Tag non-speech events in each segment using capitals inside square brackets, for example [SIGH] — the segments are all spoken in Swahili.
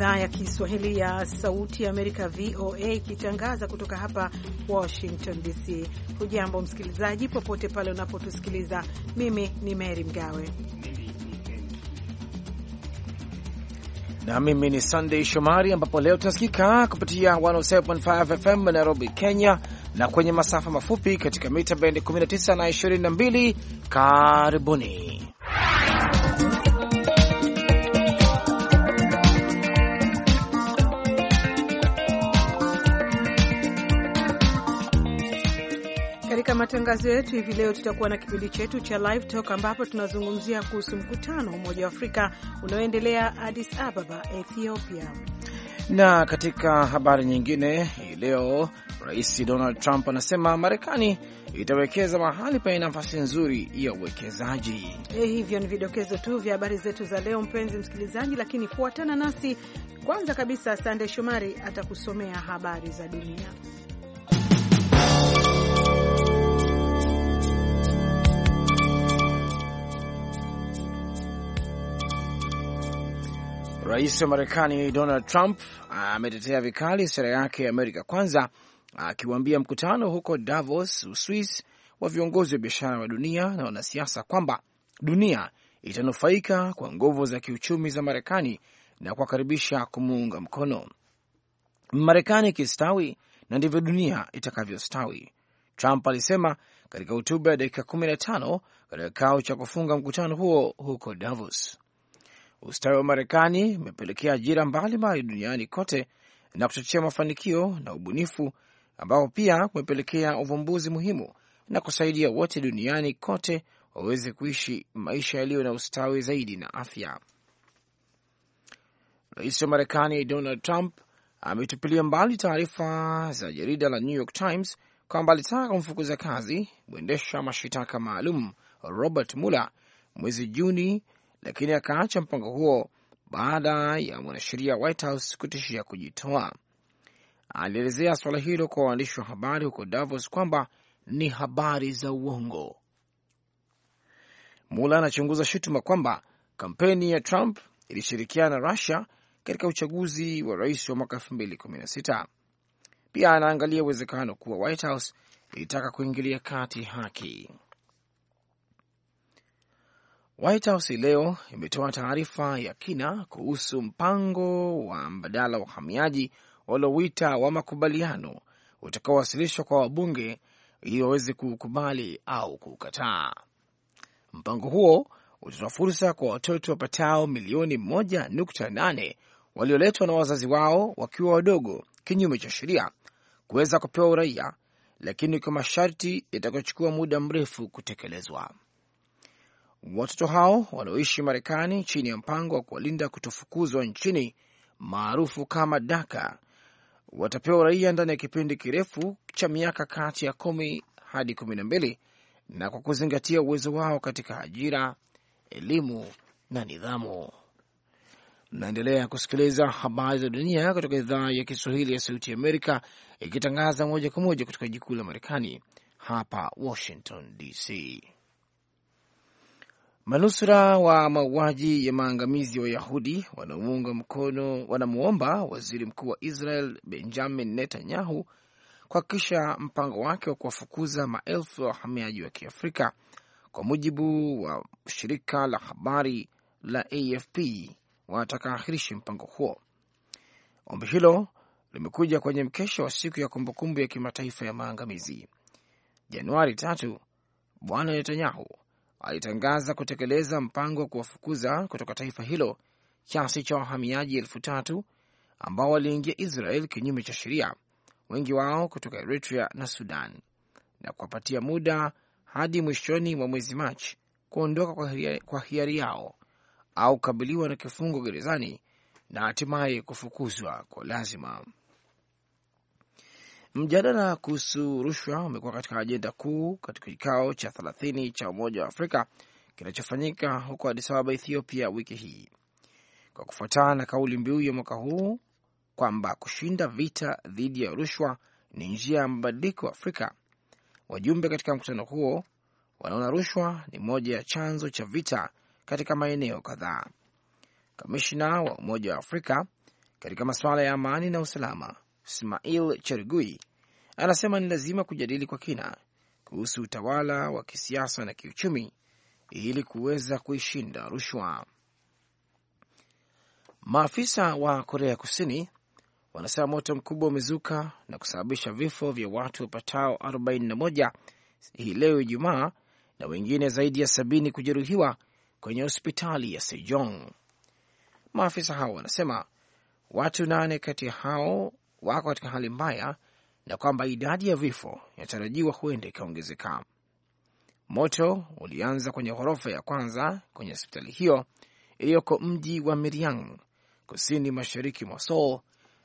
idhaa ya Kiswahili ya Sauti ya Amerika, VOA, ikitangaza kutoka hapa Washington DC. Hujambo msikilizaji, popote pale unapotusikiliza. Mimi ni Mary Mgawe na mimi ni Sunday Shomari, ambapo leo tunasikika kupitia 107.5 FM Nairobi, Kenya, na kwenye masafa mafupi katika mita bendi 19 na 22. Karibuni. Katika matangazo yetu hivi leo tutakuwa na kipindi chetu cha Live Talk ambapo tunazungumzia kuhusu mkutano wa Umoja wa Afrika unaoendelea Addis Ababa, Ethiopia. Na katika habari nyingine, hii leo Rais Donald Trump anasema Marekani itawekeza mahali penye nafasi nzuri ya uwekezaji. Eh, hivyo ni vidokezo tu vya habari zetu za leo, mpenzi msikilizaji, lakini fuatana nasi kwanza kabisa. Sande Shomari atakusomea habari za dunia. Rais wa Marekani Donald Trump ah, ametetea vikali sera yake ya Amerika Kwanza, akiwaambia mkutano huko Davos, Uswis, wa viongozi wa biashara wa dunia na wanasiasa kwamba dunia itanufaika kwa nguvu za kiuchumi za Marekani na kuwakaribisha kumuunga mkono. Marekani ikistawi na ndivyo dunia itakavyostawi, Trump alisema katika hotuba ya dakika 15 katika kikao cha kufunga mkutano huo huko Davos ustawi wa Marekani umepelekea ajira mbalimbali duniani kote na kuchochea mafanikio na ubunifu, ambapo pia kumepelekea uvumbuzi muhimu na kusaidia wote duniani kote waweze kuishi maisha yaliyo na ustawi zaidi na afya. Rais wa Marekani Donald Trump ametupilia mbali taarifa za jarida la New York Times kwamba alitaka kumfukuza kazi mwendesha mashitaka maalum Robert Mueller mwezi Juni lakini akaacha mpango huo baada ya mwanasheria White House kutishia kujitoa. Alielezea suala hilo kwa waandishi wa habari huko Davos kwamba ni habari za uongo. Mula anachunguza shutuma kwamba kampeni ya Trump ilishirikiana na Rusia katika uchaguzi wa rais wa mwaka 2016. Pia anaangalia uwezekano kuwa White House ilitaka kuingilia kati haki. White House leo imetoa taarifa ya kina kuhusu mpango wa mbadala wa wahamiaji waliowita wa makubaliano utakaowasilishwa kwa wabunge ili waweze kuukubali au kuukataa. Mpango huo utatoa fursa kwa watoto wapatao milioni 1.8 walioletwa na wazazi wao wakiwa wadogo kinyume cha sheria kuweza kupewa uraia, lakini kwa masharti yatakayochukua muda mrefu kutekelezwa. Watoto hao wanaoishi Marekani chini ya mpango wa kuwalinda kutofukuzwa nchini maarufu kama DACA watapewa uraia ndani ya kipindi kirefu cha miaka kati ya kumi hadi kumi na mbili na kwa kuzingatia uwezo wao katika ajira, elimu na nidhamu. Mnaendelea kusikiliza habari za dunia kutoka idhaa ya Kiswahili ya Sauti Amerika, ikitangaza moja kwa moja kutoka jikuu la Marekani hapa Washington DC. Manusura wa mauaji ya maangamizi ya wa Wayahudi wanamuunga mkono wanamwomba waziri mkuu wa Israel Benjamin Netanyahu kuhakikisha mpango wake wa kuwafukuza maelfu ya wahamiaji wa Kiafrika, kwa mujibu wa shirika la habari la AFP wanataka ahirishi mpango huo. Ombi hilo limekuja kwenye mkesha wa siku ya kumbukumbu ya kimataifa ya maangamizi Januari tatu. Bwana Netanyahu alitangaza kutekeleza mpango wa kuwafukuza kutoka taifa hilo kiasi cha wahamiaji elfu tatu ambao waliingia Israel kinyume cha sheria, wengi wao kutoka Eritrea na Sudan, na kuwapatia muda hadi mwishoni mwa mwezi Machi kuondoka kwa hiari, kwa hiari yao au kukabiliwa na kifungo gerezani na hatimaye kufukuzwa kwa lazima. Mjadala kuhusu rushwa umekuwa katika ajenda kuu katika kikao cha thelathini cha Umoja wa Afrika kinachofanyika huko Addis Ababa, Ethiopia, wiki hii kwa kufuatana na kauli mbiu ya mwaka huu kwamba kushinda vita dhidi ya rushwa ni njia ya mabadiliko Afrika. Wajumbe katika mkutano huo wanaona rushwa ni moja ya chanzo cha vita katika maeneo kadhaa. Kamishna wa Umoja wa Afrika katika masuala ya amani na usalama Smail Chergui anasema ni lazima kujadili kwa kina kuhusu utawala wa kisiasa na kiuchumi ili kuweza kuishinda rushwa. Maafisa wa Korea Kusini wanasema moto mkubwa umezuka na kusababisha vifo vya watu wapatao 41 hii leo Ijumaa na wengine zaidi ya sabini kujeruhiwa kwenye hospitali ya Sejong. Maafisa hao wanasema watu nane kati ya hao wako katika hali mbaya na kwamba idadi ya vifo inatarajiwa huenda ikaongezeka. Moto ulianza kwenye ghorofa ya kwanza kwenye hospitali hiyo iliyoko mji wa Miriang, kusini mashariki mwa Seoul,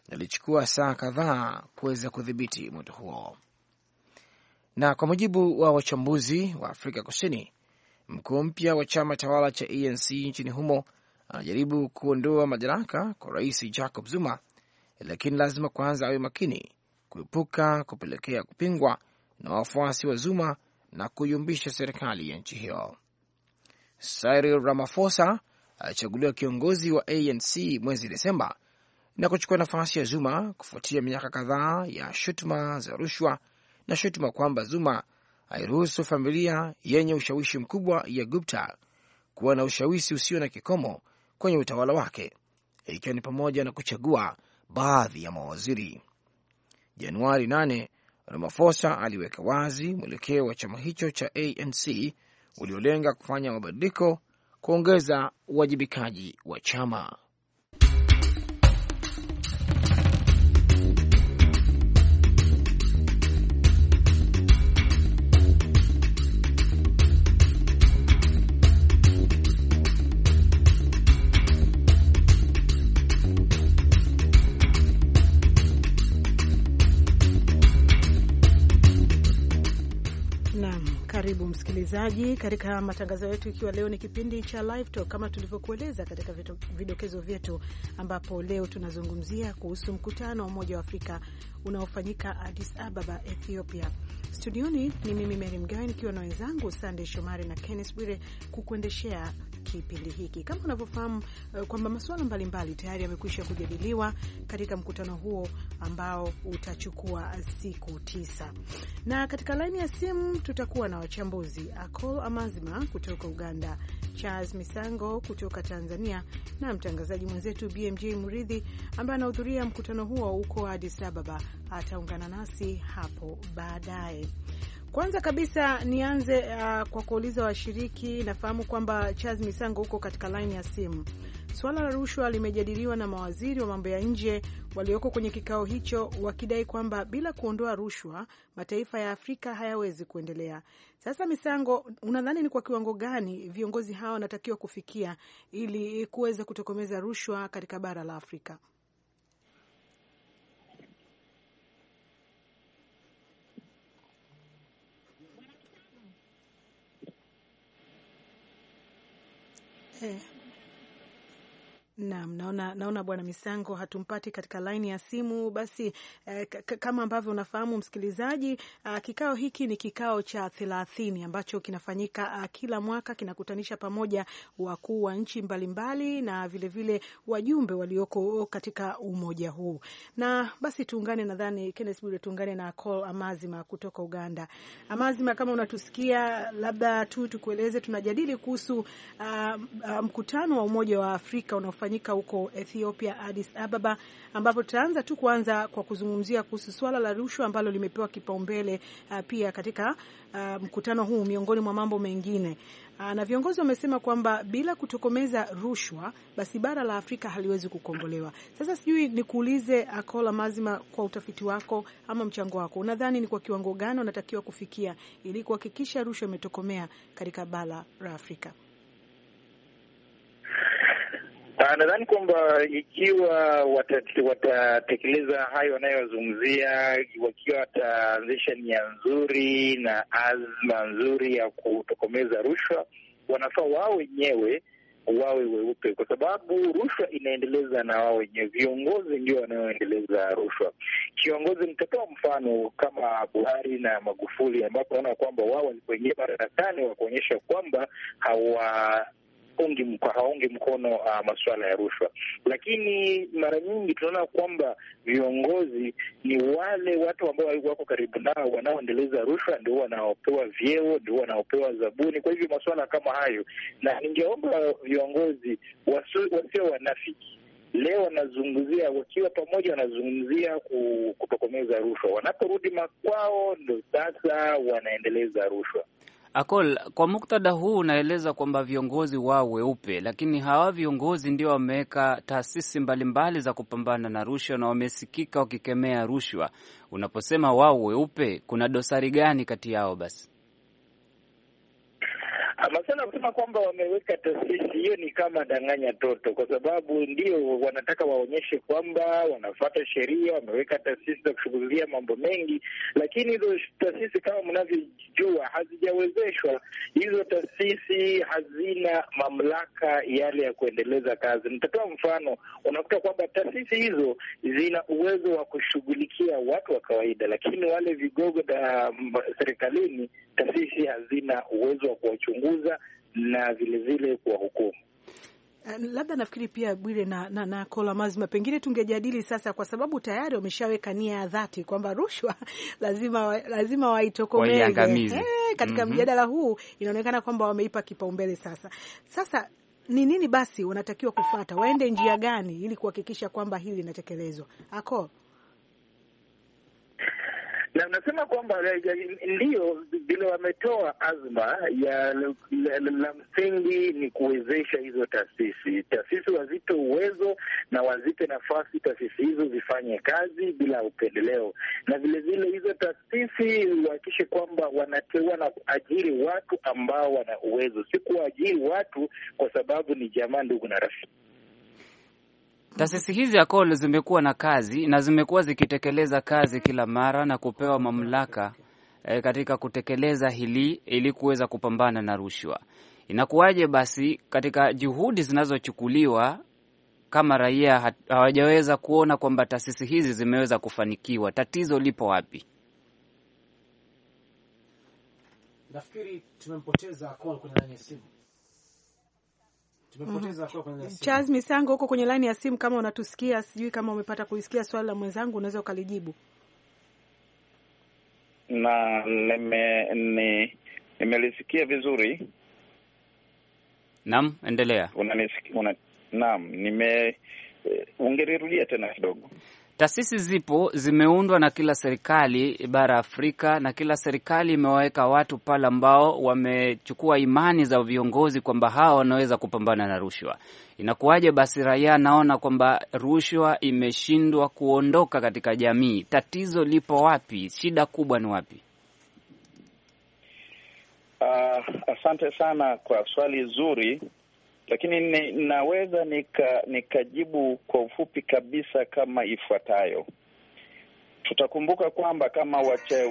na ilichukua saa kadhaa kuweza kudhibiti moto huo. Na kwa mujibu wa wachambuzi wa Afrika Kusini, mkuu mpya wa chama tawala cha ANC nchini humo anajaribu kuondoa madaraka kwa Rais Jacob Zuma lakini lazima kwanza awe makini kuepuka kupelekea kupingwa na wafuasi wa Zuma na kuyumbisha serikali ya nchi hiyo. Cyril Ramaphosa alichaguliwa kiongozi wa ANC mwezi Desemba na kuchukua nafasi ya Zuma kufuatia miaka kadhaa ya shutuma za rushwa na shutuma kwamba Zuma airuhusu familia yenye ushawishi mkubwa ya Gupta kuwa na ushawishi usio na kikomo kwenye utawala wake, ikiwa ni pamoja na kuchagua baadhi ya mawaziri. Januari 8 Ramaphosa aliweka wazi mwelekeo wa chama hicho cha ANC uliolenga kufanya mabadiliko, kuongeza uwajibikaji wa chama. msikilizaji, katika matangazo yetu, ikiwa leo ni kipindi cha Live Talk kama tulivyokueleza katika vidokezo vyetu, ambapo leo tunazungumzia kuhusu mkutano wa Umoja wa Afrika unaofanyika Addis Ababa, Ethiopia. Studioni ni mimi mery Mgawe nikiwa na wenzangu Sandey Shomari na Kennes Bwire kukuendeshea kipindi hiki. Kama unavyofahamu eh, kwamba masuala mbalimbali tayari yamekwisha kujadiliwa katika mkutano huo ambao utachukua siku tisa, na katika laini ya simu tutakuwa na wachambuzi Akol Amazima kutoka Uganda, Charles Misango kutoka Tanzania na mtangazaji mwenzetu BMJ Muridhi ambaye anahudhuria mkutano huo huko Addis Ababa. Ataungana nasi hapo baadaye. Kwanza kabisa nianze uh, kwa kuuliza washiriki. Nafahamu kwamba Charles Misango huko katika laini ya simu. Suala la rushwa limejadiliwa na mawaziri wa mambo ya nje walioko kwenye kikao hicho, wakidai kwamba bila kuondoa rushwa mataifa ya Afrika hayawezi kuendelea. Sasa Misango, unadhani ni kwa kiwango gani viongozi hawa wanatakiwa kufikia ili kuweza kutokomeza rushwa katika bara la Afrika? Mm. Naam, naona naona Bwana Misango hatumpati katika laini ya simu. Basi eh, kama ambavyo unafahamu msikilizaji, ah, kikao hiki ni kikao cha thelathini ambacho kinafanyika ah, kila mwaka kinakutanisha pamoja wakuu wa nchi mbalimbali na vilevile vile wajumbe walioko katika umoja huu. Na basi tuungane, nadhani Kenneth Bwire, tuungane na Col Amazima kutoka Uganda. Amazima, kama unatusikia, labda tu tukueleze tunajadili kuhusu uh, uh, mkutano wa Umoja wa Afrika unaofanyika kufanyika huko Ethiopia, Addis Ababa, ambapo tutaanza tu kuanza kwa kuzungumzia kuhusu swala la rushwa ambalo limepewa kipaumbele uh, pia katika uh, mkutano huu miongoni mwa mambo mengine uh, na viongozi wamesema kwamba bila kutokomeza rushwa basi bara la Afrika haliwezi kukombolewa. Sasa sijui nikuulize Akola Mazima, kwa utafiti wako ama mchango wako, unadhani ni kwa kiwango gani unatakiwa kufikia ili kuhakikisha rushwa imetokomea katika bara la Afrika? Ah, nadhani kwamba ikiwa watatekeleza wata hayo wanayozungumzia, wakiwa wataanzisha nia nzuri na azma nzuri ya kutokomeza rushwa, wanafaa wao wenyewe wawe weupe, kwa sababu rushwa inaendeleza na wao wenyewe. Viongozi ndio wanaoendeleza rushwa. Kiongozi nitatoa mfano kama Buhari na Magufuli, ambapo naona kwamba wao walipoingia madarakani wakuonyesha kwamba hawa haungi haungi mkono uh, ah, masuala ya rushwa, lakini mara nyingi tunaona kwamba viongozi ni wale watu ambao wako karibu nao wanaoendeleza rushwa ndio wanaopewa vyeo, ndio wanaopewa zabuni. Kwa hivyo masuala kama hayo, na ningeomba viongozi wasio wanafiki Leo wanazungumzia wakiwa pamoja, wanazungumzia kutokomeza rushwa. Wanaporudi makwao, ndo sasa wanaendeleza rushwa. Akol, kwa muktadha huu unaeleza kwamba viongozi wao weupe, lakini hawa viongozi ndio wameweka taasisi mbalimbali za kupambana na rushwa na wamesikika wakikemea rushwa. Unaposema wao weupe, kuna dosari gani kati yao basi? Ah, Masala kusema kwamba wameweka tasisi hiyo ni kama danganya toto, kwa sababu ndio wanataka waonyeshe kwamba wanafata sheria, wameweka tasisi za kushughulikia mambo mengi, lakini hizo tasisi kama mnavyojua hazijawezeshwa. Hizo tasisi hazina mamlaka yale ya kuendeleza kazi. Nitatoa mfano, unakuta kwamba tasisi hizo zina uwezo wa kushughulikia watu wa kawaida, lakini wale vigogo da mm, serikalini, tasisi hazina uwezo wa kuwachunguza kuwachunguza na vilevile kuwahukumu. Eh, labda nafikiri pia Bwire na, na, na Kola Mazima pengine tungejadili sasa, kwa sababu tayari wameshaweka nia ya dhati kwamba rushwa [LAUGHS] lazima, lazima waitokomeze. Eh, katika mm -hmm. mjadala huu inaonekana kwamba wameipa kipaumbele sasa. Sasa ni nini basi wanatakiwa kufata, waende njia gani ili kuhakikisha kwamba hili linatekelezwa ako na unasema kwamba eh, ndio vile wametoa azma ya la msingi ni kuwezesha hizo taasisi taasisi wazipe uwezo na wazipe nafasi taasisi hizo zifanye kazi bila upendeleo, na vilevile hizo taasisi wahakikishe kwamba wanateua na kuajiri watu ambao wana uwezo, si kuajiri watu kwa sababu ni jamaa, ndugu na rafiki. Taasisi hizi ACOL zimekuwa na kazi na zimekuwa zikitekeleza kazi kila mara na kupewa mamlaka e, katika kutekeleza hili ili kuweza kupambana na rushwa. Inakuwaje basi katika juhudi zinazochukuliwa kama raia hawajaweza kuona kwamba taasisi hizi zimeweza kufanikiwa? Tatizo lipo wapi? Nafikiri tumempoteza ACOL kwenye simu. Tumepoteza mhm. Charles Misango huko kwenye laini ya simu, kama unatusikia, sijui kama umepata kuisikia swali la mwenzangu, unaweza ukalijibu. Na nimelisikia vizuri. Naam, endelea. Unanisikia? naam, nime, eh, tena kidogo. Taasisi zipo zimeundwa na kila serikali bara ya Afrika, na kila serikali imewaweka watu pale ambao wamechukua imani za viongozi kwamba hawa wanaweza kupambana na rushwa. Inakuwaje basi raia anaona kwamba rushwa imeshindwa kuondoka katika jamii? Tatizo lipo wapi? Shida kubwa ni wapi? Uh, asante sana kwa swali zuri lakini ni, naweza nika, nikajibu kwa ufupi kabisa kama ifuatayo. Tutakumbuka kwamba kama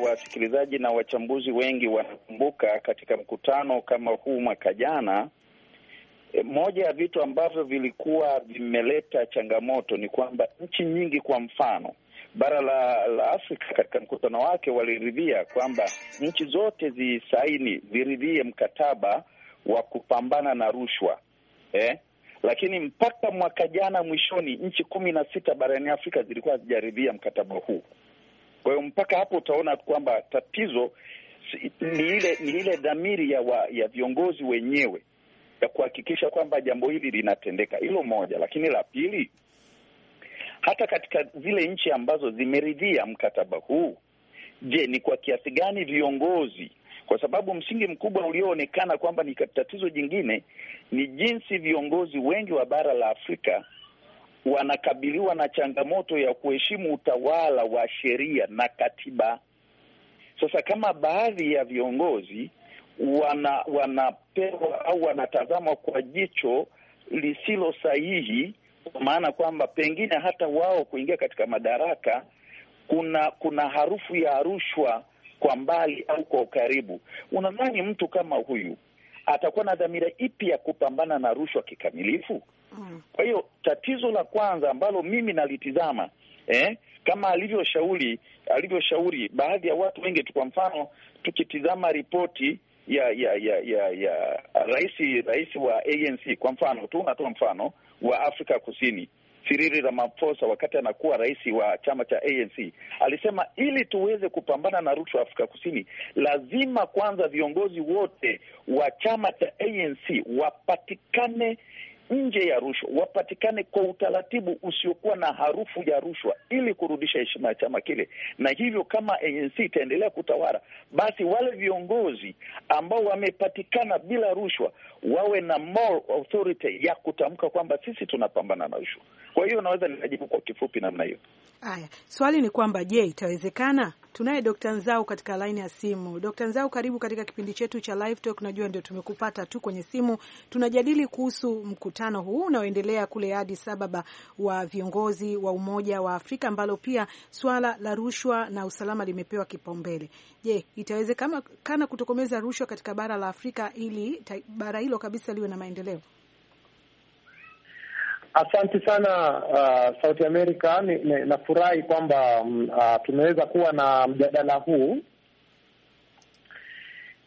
wasikilizaji na wachambuzi wengi wanakumbuka, katika mkutano kama huu mwaka jana, e, moja ya vitu ambavyo vilikuwa vimeleta changamoto ni kwamba nchi nyingi, kwa mfano bara la, la Afrika katika mkutano wake waliridhia kwamba nchi zote zisaini, ziridhie mkataba wa kupambana na rushwa eh? Lakini mpaka mwaka jana mwishoni, nchi kumi na sita barani Afrika zilikuwa hazijaridhia mkataba huu. Kwa hiyo mpaka hapo utaona kwamba tatizo ni ile ni ile dhamiri ya, wa, ya viongozi wenyewe ya kuhakikisha kwamba jambo hili linatendeka. Hilo moja, lakini la pili, hata katika zile nchi ambazo zimeridhia mkataba huu, je, ni kwa kiasi gani viongozi kwa sababu msingi mkubwa ulioonekana kwamba ni tatizo jingine ni jinsi viongozi wengi wa bara la Afrika wanakabiliwa na changamoto ya kuheshimu utawala wa sheria na katiba. Sasa kama baadhi ya viongozi wana wanapewa au wanatazamwa kwa jicho lisilo sahihi, kwa maana kwamba pengine hata wao kuingia katika madaraka kuna kuna harufu ya rushwa kwa mbali au kwa ukaribu, unadhani mtu kama huyu atakuwa na dhamira ipi ya kupambana na rushwa kikamilifu? Mm. Kwa hiyo tatizo la kwanza ambalo mimi nalitizama eh, kama alivyoshauri alivyoshauri baadhi ya watu wengi tu, kwa mfano tukitizama ripoti ya ya ya ya ya rais rais wa ANC kwa mfano tu, unatoa mfano wa Afrika Kusini Cyril Ramaphosa wakati anakuwa rais wa chama cha ANC alisema, ili tuweze kupambana na rushwa Afrika Kusini, lazima kwanza viongozi wote wa chama cha ANC wapatikane nje ya rushwa, wapatikane kwa utaratibu usiokuwa na harufu ya rushwa, ili kurudisha heshima ya chama kile. Na hivyo kama ANC itaendelea kutawala, basi wale viongozi ambao wamepatikana bila rushwa wawe na authority ya kutamka kwamba sisi tunapambana na rushwa. Kwa hiyo naweza nikajibu kwa kifupi namna hiyo. Haya, swali ni kwamba je, itawezekana? Tunaye Dkt. Nzau katika laini ya simu. Dkt. Nzau, karibu katika kipindi chetu cha Live Talk. Najua ndio tumekupata tu kwenye simu. Tunajadili kuhusu mkutano huu unaoendelea kule Addis Ababa wa viongozi wa Umoja wa Afrika, ambalo pia swala la rushwa na usalama limepewa kipaumbele. Je, itawezekana kutokomeza rushwa katika bara la Afrika ili bara hilo kabisa liwe na maendeleo? Asante sana uh, Sauti Amerika. Nafurahi kwamba mm, uh, tumeweza kuwa na mjadala huu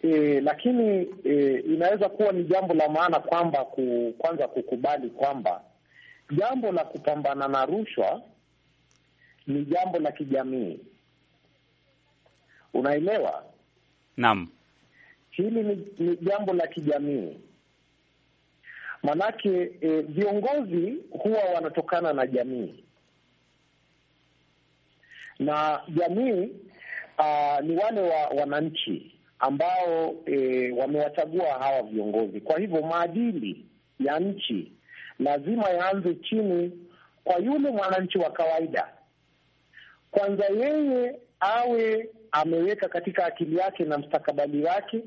e, lakini e, inaweza kuwa ni jambo la maana kwamba ku, kwanza kukubali kwamba jambo la kupambana na rushwa ni jambo la kijamii. Unaelewa? Naam, hili ni, ni jambo la kijamii Manake e, viongozi huwa wanatokana na jamii na jamii uh, ni wale wa wananchi ambao e, wamewachagua hawa viongozi. Kwa hivyo maadili ya nchi lazima yaanze chini kwa yule mwananchi wa kawaida. Kwanza yeye awe ameweka katika akili yake na mstakabali wake,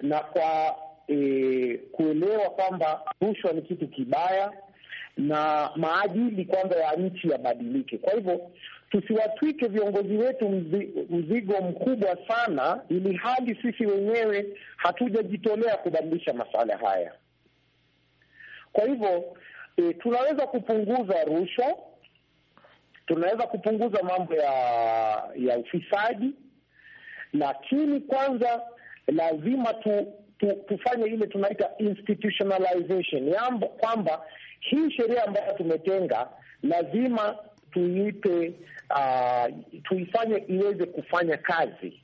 na kwa e, kuelewa kwamba rushwa ni kitu kibaya na maadili kwanza ya nchi yabadilike. Kwa hivyo tusiwatwike viongozi wetu mzigo mkubwa sana, ili hali sisi wenyewe hatujajitolea kubadilisha masuala haya. Kwa hivyo e, tunaweza kupunguza rushwa, tunaweza kupunguza mambo ya ya ufisadi, lakini kwanza lazima tu tufanye ile tunaita institutionalization yambo, kwamba hii sheria ambayo tumetenga lazima tuipe, uh, tuifanye iweze kufanya kazi.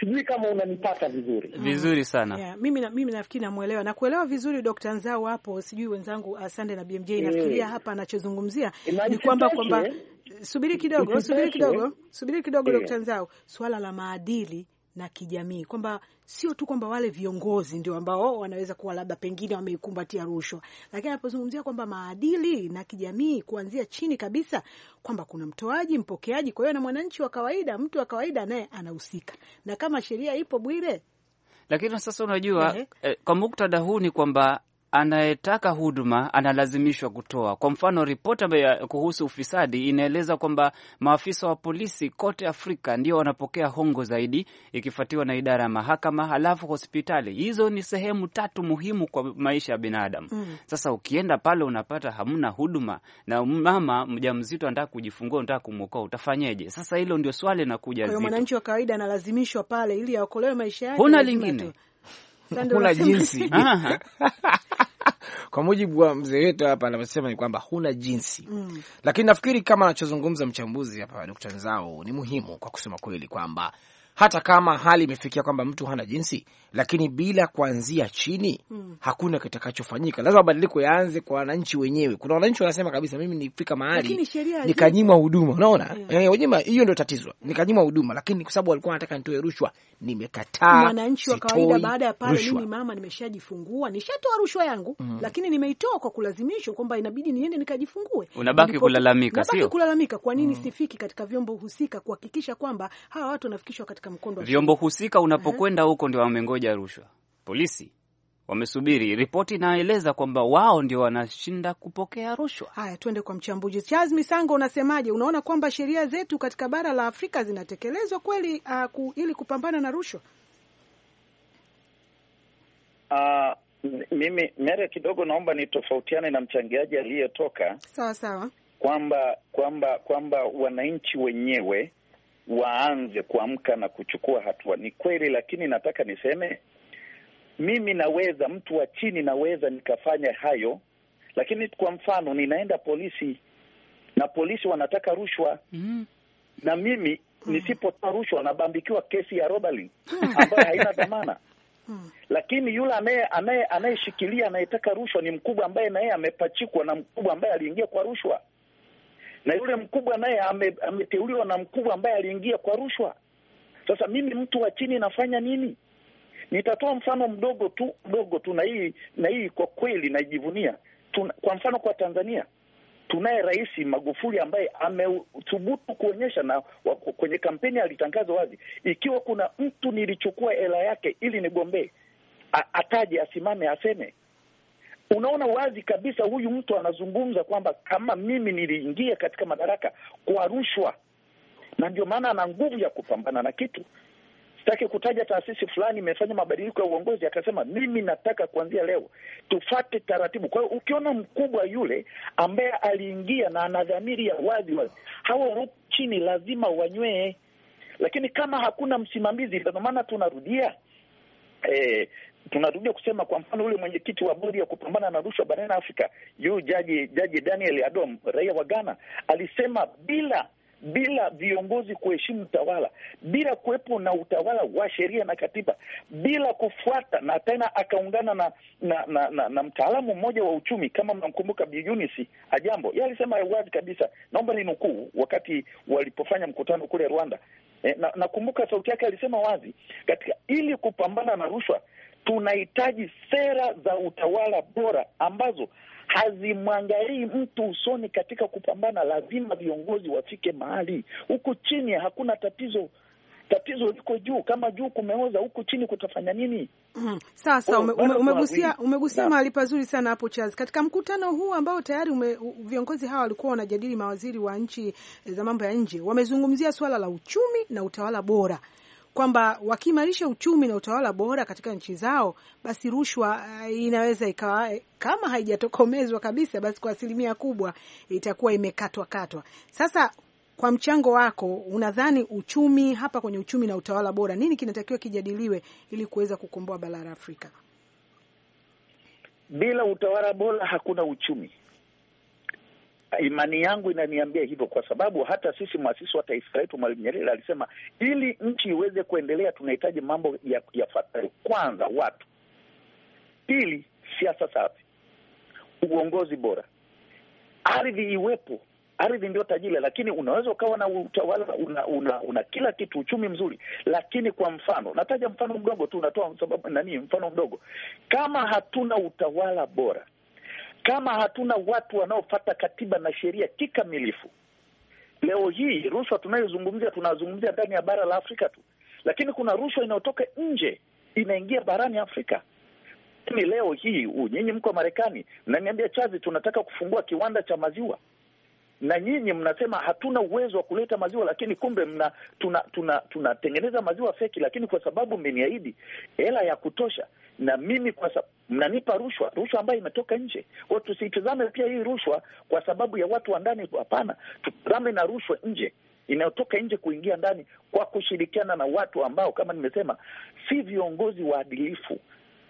Sijui kama unanipata vizuri vizuri sana. Yeah, mimi na, mimi nafikiri namwelewa na kuelewa vizuri Dr. Nzao hapo. Sijui wenzangu Asande na BMJ yeah. Nafikiria hapa anachozungumzia ni kwamba kwamba, subiri kidogo, subiri kidogo, subiri kidogo yeah. Dr. Nzao, swala la maadili na kijamii, kwamba sio tu kwamba wale viongozi ndio ambao wanaweza kuwa labda pengine wameikumbatia rushwa, lakini anapozungumzia kwamba maadili na kijamii kuanzia chini kabisa, kwamba kuna mtoaji, mpokeaji, kwa hiyo na mwananchi wa kawaida, mtu wa kawaida naye anahusika, na kama sheria ipo Bwire. Lakini sasa unajua, eh, kwa muktadha huu ni kwamba anayetaka huduma analazimishwa kutoa. Kwa mfano, ripoti ambayo kuhusu ufisadi inaeleza kwamba maafisa wa polisi kote Afrika ndio wanapokea hongo zaidi, ikifuatiwa na idara ya mahakama, halafu hospitali. Hizo ni sehemu tatu muhimu kwa maisha ya binadamu mm. Sasa ukienda pale unapata hamna huduma, na mama mja mzito anataka kujifungua, unataka kumwokoa, utafanyeje? Sasa hilo ndio swali linakuja Mwananchi wa kawaida analazimishwa pale ili aokolewe maisha yake, huna lingine huna jinsi [LAUGHS] kwa mujibu wa mzee wetu hapa anavyosema ni kwamba huna jinsi mm. Lakini nafikiri kama anachozungumza mchambuzi hapa Dkt. Nzao ni muhimu kwa kusema kweli kwamba hata kama hali imefikia kwamba mtu hana jinsi, lakini bila kuanzia chini hmm, hakuna kitakachofanyika. Lazima mabadiliko yaanze kwa wananchi wenyewe. Kuna wananchi wanasema kabisa, mimi nifika mahali nikanyimwa huduma, unaona yeah. E, hiyo ndio tatizo, nikanyimwa huduma, lakini kwa sababu walikuwa wanataka nitoe rushwa, nimekataa. Mwananchi wa kawaida, baada ya pale, mimi mama, nimeshajifungua nishatoa rushwa yangu mm. lakini nimeitoa kwa kulazimishwa kwamba inabidi niende nikajifungue. Unabaki kulalamika, sio? Unabaki kulalamika, kwa nini mm. sifiki katika vyombo husika kuhakikisha kwamba hawa watu wanafikishwa katika mkondo vyombo husika. Unapokwenda mhm. huko, ndio wamengoja rushwa, polisi wamesubiri ripoti inaeleza kwamba wao ndio wanashinda kupokea rushwa. Haya, tuende kwa mchambuzi Charles Misango, unasemaje? Unaona kwamba sheria zetu katika bara la Afrika zinatekelezwa kweli uh, ku, ili kupambana na rushwa? Uh, mimi mere kidogo naomba nitofautiane na mchangiaji aliyetoka sawa sawa, kwamba kwamba kwamba wananchi wenyewe waanze kuamka na kuchukua hatua. Ni kweli, lakini nataka niseme mimi naweza, mtu wa chini naweza nikafanya hayo, lakini kwa mfano ninaenda polisi na polisi wanataka rushwa mm. na mimi nisipotoa rushwa nabambikiwa kesi ya robali [LAUGHS] ambayo haina dhamana mm. Lakini yule anayeshikilia anayetaka rushwa ni mkubwa ambaye naye amepachikwa na mkubwa ambaye aliingia kwa rushwa na yule mkubwa naye ame, ameteuliwa na mkubwa ambaye aliingia kwa rushwa. Sasa mimi mtu wa chini nafanya nini? Nitatoa mfano mdogo tu mdogo tu, na hii na hii kwa kweli najivunia. Kwa mfano kwa Tanzania tunaye Rais Magufuli ambaye amethubutu kuonyesha na kwenye kampeni alitangaza wazi, ikiwa kuna mtu nilichukua hela yake ili nigombee, ataje, asimame, aseme unaona wazi kabisa huyu mtu anazungumza kwamba kama mimi niliingia katika madaraka kwa rushwa, na ndio maana ana nguvu ya kupambana na kitu. Sitaki kutaja taasisi fulani imefanya mabadiliko ya uongozi, akasema mimi nataka kuanzia leo tufate taratibu. Kwa hiyo ukiona mkubwa yule ambaye aliingia na ana dhamiri ya wazi wazi, hawa chini lazima wanywee, lakini kama hakuna msimamizi, ndio maana tunarudia E, tunarudia kusema kwa mfano, ule mwenyekiti wa bodi ya kupambana na rushwa barani Afrika yu jaji jaji Daniel Adom, raia wa Ghana, alisema bila bila viongozi kuheshimu utawala, bila kuwepo na utawala wa sheria na katiba, bila kufuata na tena, akaungana na na, na, na, na mtaalamu mmoja wa uchumi kama mnamkumbuka, Bi Ajambo, ye alisema wazi kabisa, naomba ni nukuu, wakati walipofanya mkutano kule Rwanda. E, nakumbuka na sauti yake, alisema wazi katika, ili kupambana na rushwa tunahitaji sera za utawala bora ambazo hazimwangalii mtu usoni katika kupambana. Lazima viongozi wafike mahali, huku chini hakuna tatizo tatizo liko juu. Kama juu kumeoza, huku chini kutafanya nini? Mm. Sasa oh, ume, ume, umegusia, umegusia mahali pazuri sana hapo Charles. Katika mkutano huu ambao tayari ume, viongozi hawa walikuwa wanajadili, mawaziri wa nchi eh, za mambo ya nje wamezungumzia suala la uchumi na utawala bora kwamba wakiimarisha uchumi na utawala bora katika nchi zao, basi rushwa eh, inaweza ikawa eh, kama haijatokomezwa kabisa, basi kwa asilimia kubwa itakuwa imekatwa katwa. Sasa kwa mchango wako, unadhani uchumi hapa, kwenye uchumi na utawala bora, nini kinatakiwa kijadiliwe ili kuweza kukomboa bara la Afrika? Bila utawala bora hakuna uchumi. Imani yangu inaniambia hivyo, kwa sababu hata sisi mwasisi wa taifa letu Mwalimu Nyerere alisema ili nchi iweze kuendelea tunahitaji mambo ya yafuatayo: kwanza, watu; pili, siasa safi, uongozi bora, ardhi iwepo. Ardhi ndio tajiri, lakini unaweza ukawa na utawala una, una, una kila kitu, uchumi mzuri, lakini kwa mfano, nataja mfano mdogo tu, natoa nani, mfano mdogo, kama hatuna utawala bora kama hatuna watu wanaofata katiba na sheria kikamilifu, leo hii rushwa tunayozungumzia tunazungumzia ndani ya bara la Afrika tu, lakini kuna rushwa inayotoka nje inaingia barani Afrika. Ni leo hii nyinyi mko Marekani naniambia Chazi, tunataka kufungua kiwanda cha maziwa na nyinyi mnasema hatuna uwezo wa kuleta maziwa, lakini kumbe mna tunatengeneza tuna, tuna maziwa feki, lakini kwa sababu mmeniahidi hela ya kutosha na mimi kwa sa, mnanipa rushwa, rushwa ambayo imetoka nje. Kwa tusitizame pia hii rushwa kwa sababu ya watu wa ndani, hapana. Tutizame na rushwa nje inayotoka nje kuingia ndani kwa kushirikiana na watu ambao kama nimesema si viongozi waadilifu,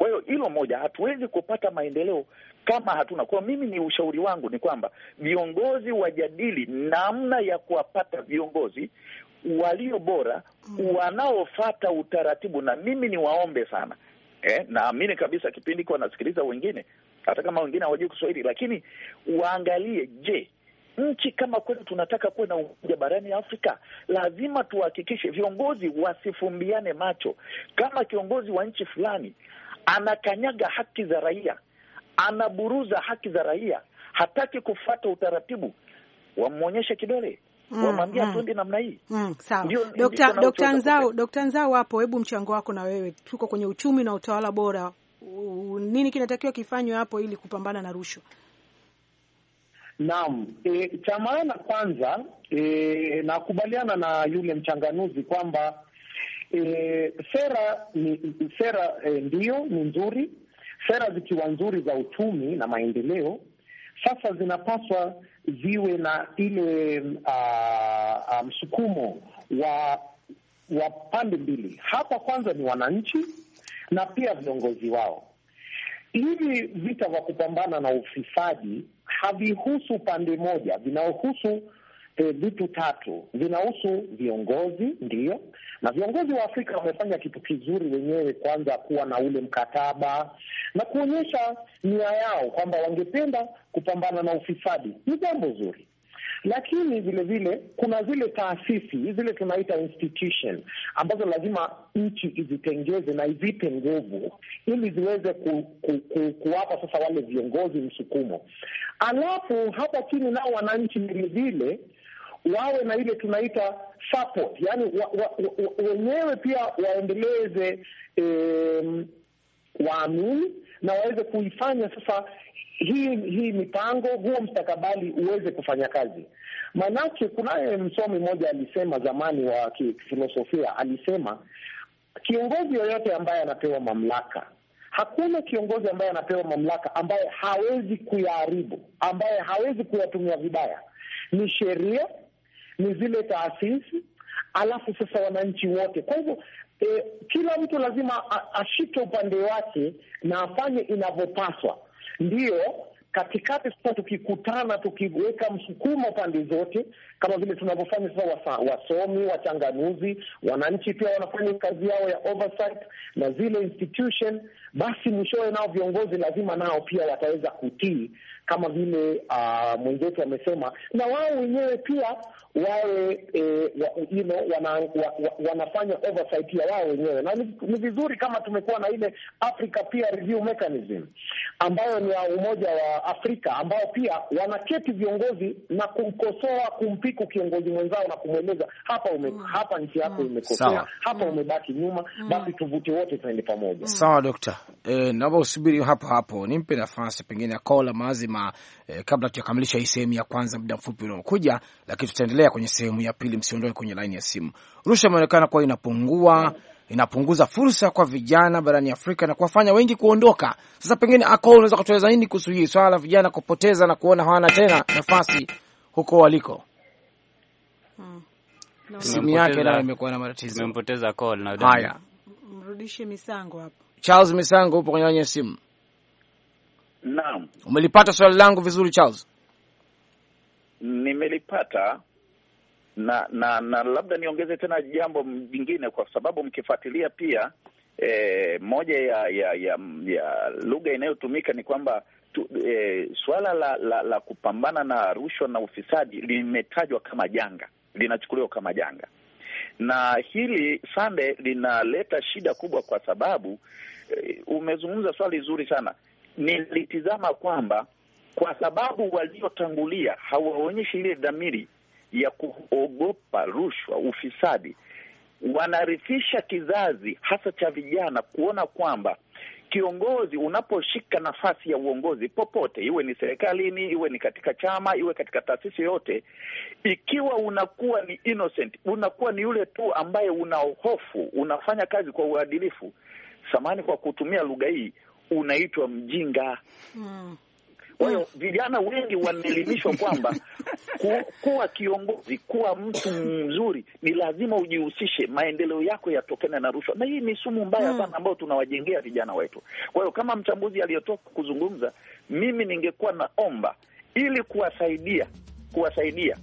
kwa hiyo hilo moja, hatuwezi kupata maendeleo kama hatuna. Kwa mimi ni ushauri wangu ni kwamba viongozi wajadili namna ya kuwapata viongozi walio bora mm. wanaofata utaratibu, na mimi ni waombe sana eh, naamini kabisa kipindi kwa nasikiliza wengine, hata kama wengine hawajui Kiswahili, lakini waangalie, je, nchi kama kweli tunataka kuwe na umoja barani Afrika, lazima tuhakikishe viongozi wasifumbiane macho. Kama kiongozi wa nchi fulani anakanyaga haki za raia, anaburuza haki za raia, hataki kufuata utaratibu, wamwonyeshe kidole wamwambia mm, mm. tuende namna hii mm, sawa. Dokta Nzao, Dokta Nzao hapo, hebu mchango wako na wewe, tuko kwenye uchumi na utawala bora, nini kinatakiwa kifanywe hapo ili kupambana na rushwa? Naam, e, cha maana kwanza, e, nakubaliana na yule mchanganuzi kwamba E, sera ni sera e, eh, ndiyo ni nzuri. Sera zikiwa nzuri za uchumi na maendeleo, sasa zinapaswa ziwe na ile ah, ah, msukumo wa wa pande mbili. Hapa kwanza ni wananchi na pia viongozi wao. Hivi vita vya kupambana na ufisadi havihusu pande moja, vinahusu E, vitu e, tatu vinahusu viongozi ndiyo, na viongozi wa Afrika wamefanya kitu kizuri wenyewe, kwanza kuwa na ule mkataba na kuonyesha nia yao kwamba wangependa kupambana na ufisadi, ni jambo zuri lakini vile vile kuna zile taasisi zile tunaita institution ambazo lazima nchi izitengeze na izipe nguvu ili ziweze ku, ku, ku, kuwapa sasa wale viongozi msukumo. Alafu hapa chini nao wananchi vilevile wawe na ile tunaita support, yani wenyewe wa, wa, wa, pia waendeleze eh, waamini na waweze kuifanya sasa hii hii mipango huo mstakabali uweze kufanya kazi. Maanake kunaye msomi mmoja alisema zamani wa kifilosofia, alisema kiongozi yoyote ambaye anapewa mamlaka, hakuna kiongozi ambaye anapewa mamlaka ambaye hawezi kuyaharibu, ambaye hawezi kuyatumia vibaya. Ni sheria ni zile taasisi, alafu sasa wananchi wote. Kwa hivyo eh, kila mtu lazima ashike upande wake na afanye inavyopaswa. Ndiyo, katikati sasa tukikutana, tukiweka msukumo pande zote, kama vile tunavyofanya sasa, wasomi, wachanganuzi, wananchi pia wanafanya kazi yao ya oversight na zile institution, basi mwishowe nao viongozi lazima nao pia wataweza kutii kama vile uh, mwenzetu amesema, na wao wenyewe pia wawe e, wa, you know, wana, wa, wa, wanafanya oversight ya wao wenyewe, na ni vizuri kama tumekuwa na ile Africa Peer Review Mechanism ambayo ni ya Umoja wa Afrika, ambao pia wanaketi viongozi na kumkosoa, kumpiku kiongozi mwenzao na kumweleza hapa ume, mm. hapa nchi yako mm. imekosea, hapa mm. umebaki nyuma mm. basi tuvute wote tuende pamoja. mm. Sawa, Dokta, e, naomba usubiri hapo hapo, nimpe nafasi pengine akola maazima kama e, eh, kabla tujakamilisha hii sehemu ya kwanza muda mfupi unaokuja, lakini tutaendelea kwenye sehemu ya pili. Msiondoke kwenye laini ya simu. Rushwa imeonekana kuwa inapungua, inapunguza fursa kwa vijana barani Afrika na kuwafanya wengi kuondoka. Sasa pengine ako, unaweza kutueleza nini kuhusu hii swala la vijana kupoteza na kuona hawana tena nafasi huko waliko? hmm. no. simu yake nayo imekuwa na matatizo, tumempoteza call. Haya, mrudishe Misango hapo. Charles Misango, upo kwenye laini ya simu? Naam, umelipata swali langu vizuri Charles? Nimelipata na na na labda niongeze tena jambo jingine, kwa sababu mkifuatilia pia e, moja ya ya, ya, ya lugha inayotumika ni kwamba tu, e, eh, suala la, la, la kupambana na rushwa na ufisadi limetajwa kama janga, linachukuliwa kama janga, na hili sande linaleta shida kubwa, kwa sababu e, umezungumza swali zuri sana nilitizama kwamba kwa sababu waliotangulia hawaonyeshi ile dhamiri ya kuogopa rushwa, ufisadi, wanarithisha kizazi hasa cha vijana kuona kwamba kiongozi unaposhika nafasi ya uongozi popote, iwe ni serikalini, iwe ni katika chama, iwe katika taasisi yoyote, ikiwa unakuwa ni innocent, unakuwa ni yule tu ambaye una hofu, unafanya kazi kwa uadilifu, samani kwa kutumia lugha hii, unaitwa mjinga. Mm. Kwa hiyo vijana wengi wameelimishwa kwamba ku, kuwa kiongozi, kuwa mtu mzuri ni lazima ujihusishe, maendeleo yako yatokana na rushwa, na hii ni sumu mbaya hmm. sana ambayo tunawajengea vijana wetu. Kwa hiyo kama mchambuzi aliyotoka kuzungumza, mimi ningekuwa naomba ili kuwasaidia kuwasaidia.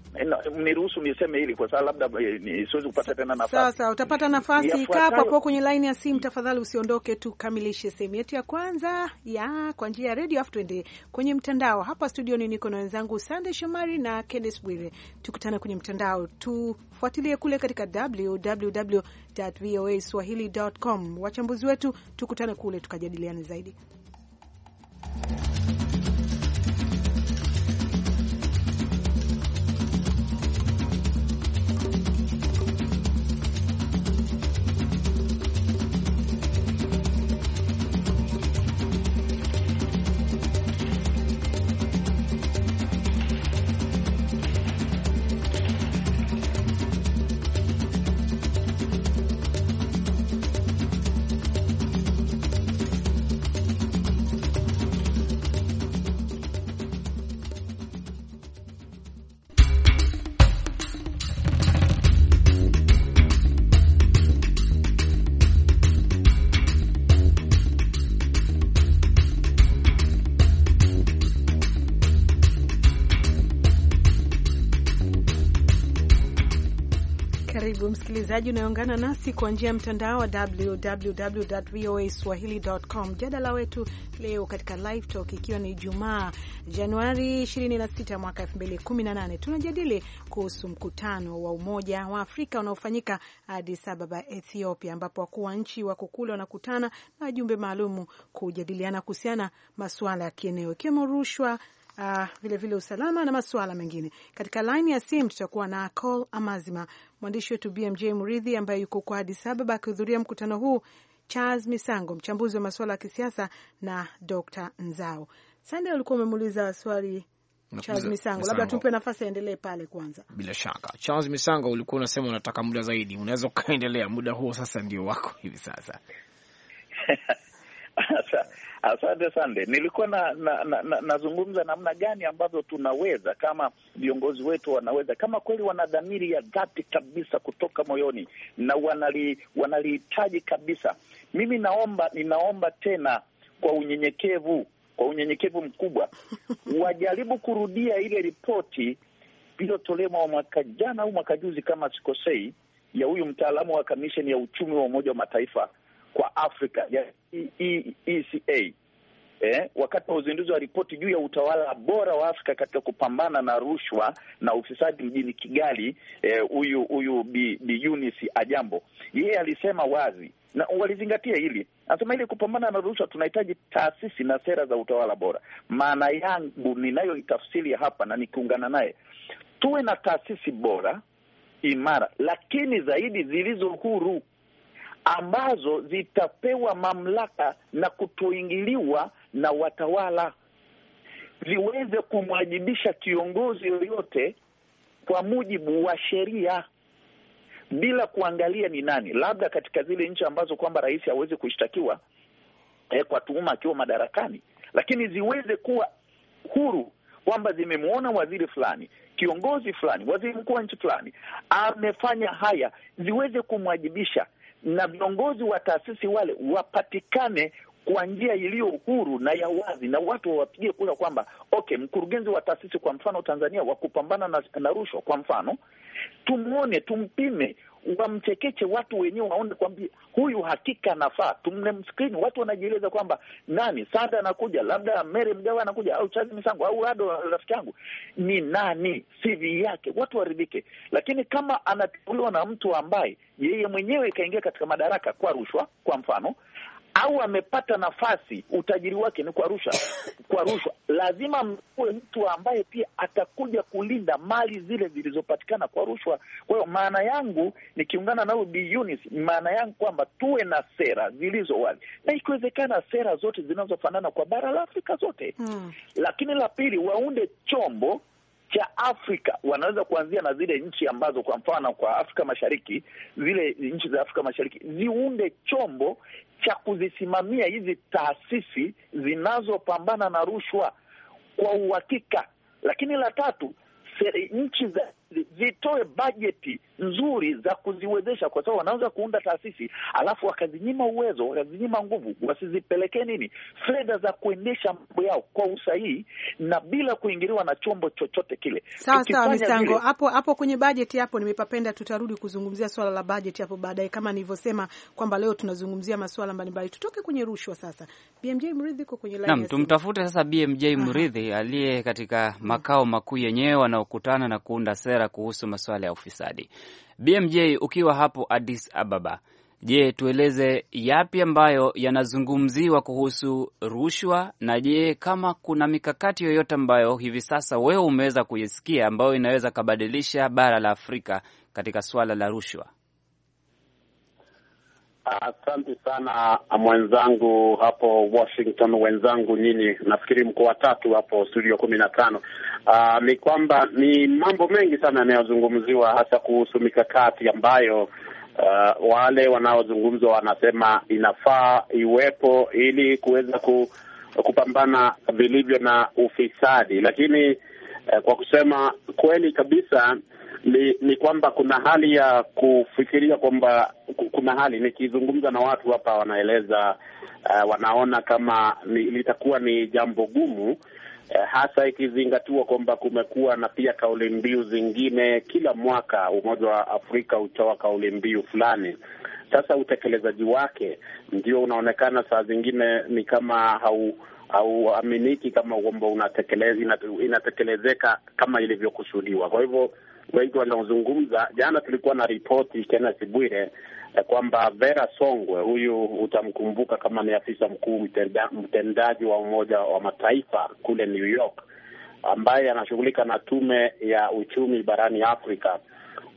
Niruhusu niseme hili kwa sababu labda eh, siwezi kupata tena nafasi. Sasa utapata nafasi, kaa hapo kwenye laini ya simu tafadhali, usiondoke, tukamilishe sehemu yetu ya kwanza ya kwa njia ya redio, afu tuende kwenye mtandao. Hapa studioni niko na wenzangu Sande Shomari na kennes Bwire. Tukutane kwenye mtandao, tufuatilie kule katika www.voaswahili.com. Wachambuzi wetu tukutane kule tukajadiliane zaidi. Karibu msikilizaji unayoungana nasi kwa njia ya mtandao wa www voa swahili.com. Mjadala wetu leo katika live talk, ikiwa ni Jumaa Januari 26 mwaka 2018, tunajadili kuhusu mkutano wa Umoja wa Afrika unaofanyika Addis Ababa, Ethiopia, ambapo wakuu wa nchi wa kule wanakutana na wajumbe maalumu kujadiliana kuhusiana masuala ya kieneo ikiwemo rushwa uh, vile usalama na masuala mengine. Katika laini ya simu tutakuwa na Col Amazima, mwandishi wetu BMJ Mridhi ambaye yuko kwa Addis Ababa akihudhuria mkutano huu, Charles Misango, mchambuzi wa masuala ya kisiasa na Dr Nzao. Sande, ulikuwa umemuuliza swali Charles Misango, labda tumpe nafasi aendelee pale kwanza. Bila shaka, Charles Misango, ulikuwa unasema unataka muda zaidi, unaweza ukaendelea. Muda huo sasa ndio wako hivi sasa. [LAUGHS] Asante sande. Nilikuwa na nazungumza na, na, na namna gani ambavyo tunaweza kama viongozi wetu wanaweza kama kweli wana dhamiri ya dhati kabisa kutoka moyoni na wanali, wanalihitaji kabisa. Mimi naomba ninaomba tena kwa unyenyekevu, kwa unyenyekevu mkubwa [LAUGHS] wajaribu kurudia ile ripoti iliyotolewa mwaka jana au mwaka juzi kama sikosei, ya huyu mtaalamu wa kamisheni ya uchumi wa Umoja wa Mataifa kwa Afrika ya EECA e eh, wakati wa uzinduzi wa ripoti juu ya utawala bora wa Afrika katika kupambana na rushwa na ufisadi mjini Kigali, eh, huyu eh, huyu Bi, Bi Ajambo yeye alisema wazi na walizingatia hili. Anasema ili kupambana na rushwa tunahitaji taasisi na sera za utawala bora. Maana yangu ninayoitafsiri hapa na nikiungana naye, tuwe na taasisi bora imara, lakini zaidi zilizo huru ambazo zitapewa mamlaka na kutoingiliwa na watawala, ziweze kumwajibisha kiongozi yoyote kwa mujibu wa sheria bila kuangalia ni nani. Labda katika zile nchi ambazo kwamba rais hawezi kushtakiwa eh, kwa tuhuma akiwa madarakani, lakini ziweze kuwa huru kwamba zimemwona waziri fulani, kiongozi fulani, waziri mkuu wa nchi fulani amefanya haya, ziweze kumwajibisha na viongozi wa taasisi wale wapatikane kwa njia iliyo uhuru na ya wazi, na watu wawapigie kura kwamba okay, mkurugenzi wa taasisi kwa mfano Tanzania wa kupambana na, na rushwa kwa mfano, tumwone tumpime wamchekeche watu wenyewe, waone kwamba huyu hakika anafaa, mskrini Watu wanajieleza kwamba nani Sada anakuja, labda Mary mgawa anakuja, au Chazi Misango au Ado rafiki yangu, ni nani CV yake, watu waridhike. Lakini kama anateuliwa na mtu ambaye yeye mwenyewe ikaingia katika madaraka kwa rushwa, kwa mfano au amepata nafasi, utajiri wake ni kwa rushwa, [COUGHS] kwa rushwa. Lazima mkuwe mtu ambaye pia atakuja kulinda mali zile zilizopatikana kwa rushwa. Kwa hiyo maana yangu nikiungana nayo Bi Eunice, maana yangu kwamba tuwe na sera zilizo wazi na ikiwezekana sera zote zinazofanana kwa bara la Afrika zote hmm. Lakini la pili, waunde chombo cha Afrika wanaweza kuanzia na zile nchi ambazo kwa mfano kwa Afrika Mashariki, zile nchi za Afrika Mashariki ziunde chombo cha kuzisimamia hizi taasisi zinazopambana na rushwa kwa uhakika. Lakini la tatu, nchi za zitoe bajeti nzuri za kuziwezesha, kwa sababu wanaanza kuunda taasisi alafu wakazinyima uwezo, wakazinyima nguvu, wasizipelekee nini fedha za kuendesha mambo yao kwa usahihi na bila kuingiliwa na chombo chochote kile. Sawa sawa, misango hapo hapo kwenye bajeti hapo nimepapenda. Tutarudi kuzungumzia swala la bajeti hapo baadaye, kama nilivyosema kwamba leo tunazungumzia masuala mbalimbali. Tutoke kwenye rushwa sasa. BMJ Mridhi uko kwenye laini, tumtafute sasa BMJ Mridhi aliye katika makao makuu yenyewe wanaokutana na kuunda sera sera kuhusu masuala ya ufisadi. BMJ, ukiwa hapo Addis Ababa, je, tueleze yapi ambayo yanazungumziwa kuhusu rushwa, na je kama kuna mikakati yoyote ambayo hivi sasa wewe umeweza kuisikia ambayo inaweza kabadilisha bara la Afrika katika swala la rushwa? Asante uh, sana mwenzangu hapo Washington, wenzangu nyinyi, nafikiri mko watatu hapo studio kumi na tano. Uh, ni kwamba ni mambo mengi sana yanayozungumziwa hasa kuhusu mikakati ambayo uh, wale wanaozungumzwa wanasema inafaa iwepo ili kuweza ku, kupambana vilivyo na ufisadi, lakini uh, kwa kusema kweli kabisa ni, ni kwamba kuna hali ya kufikiria kwamba kuna hali, nikizungumza na watu hapa wanaeleza uh, wanaona kama ni, litakuwa ni jambo gumu uh, hasa ikizingatiwa kwamba kumekuwa na pia kauli mbiu zingine. Kila mwaka Umoja wa Afrika hutoa kauli mbiu fulani. Sasa utekelezaji wake ndio unaonekana saa zingine ni kama hau hauaminiki kama kwamba unatekelezeka kama ilivyokusudiwa. Kwa hivyo wengi wanaozungumza. Jana tulikuwa na ripoti Kenneth Bwire eh, kwamba Vera Songwe, huyu utamkumbuka kama ni afisa mkuu mtenda, mtendaji wa Umoja wa Mataifa kule New York, ambaye anashughulika na tume ya uchumi barani Afrika,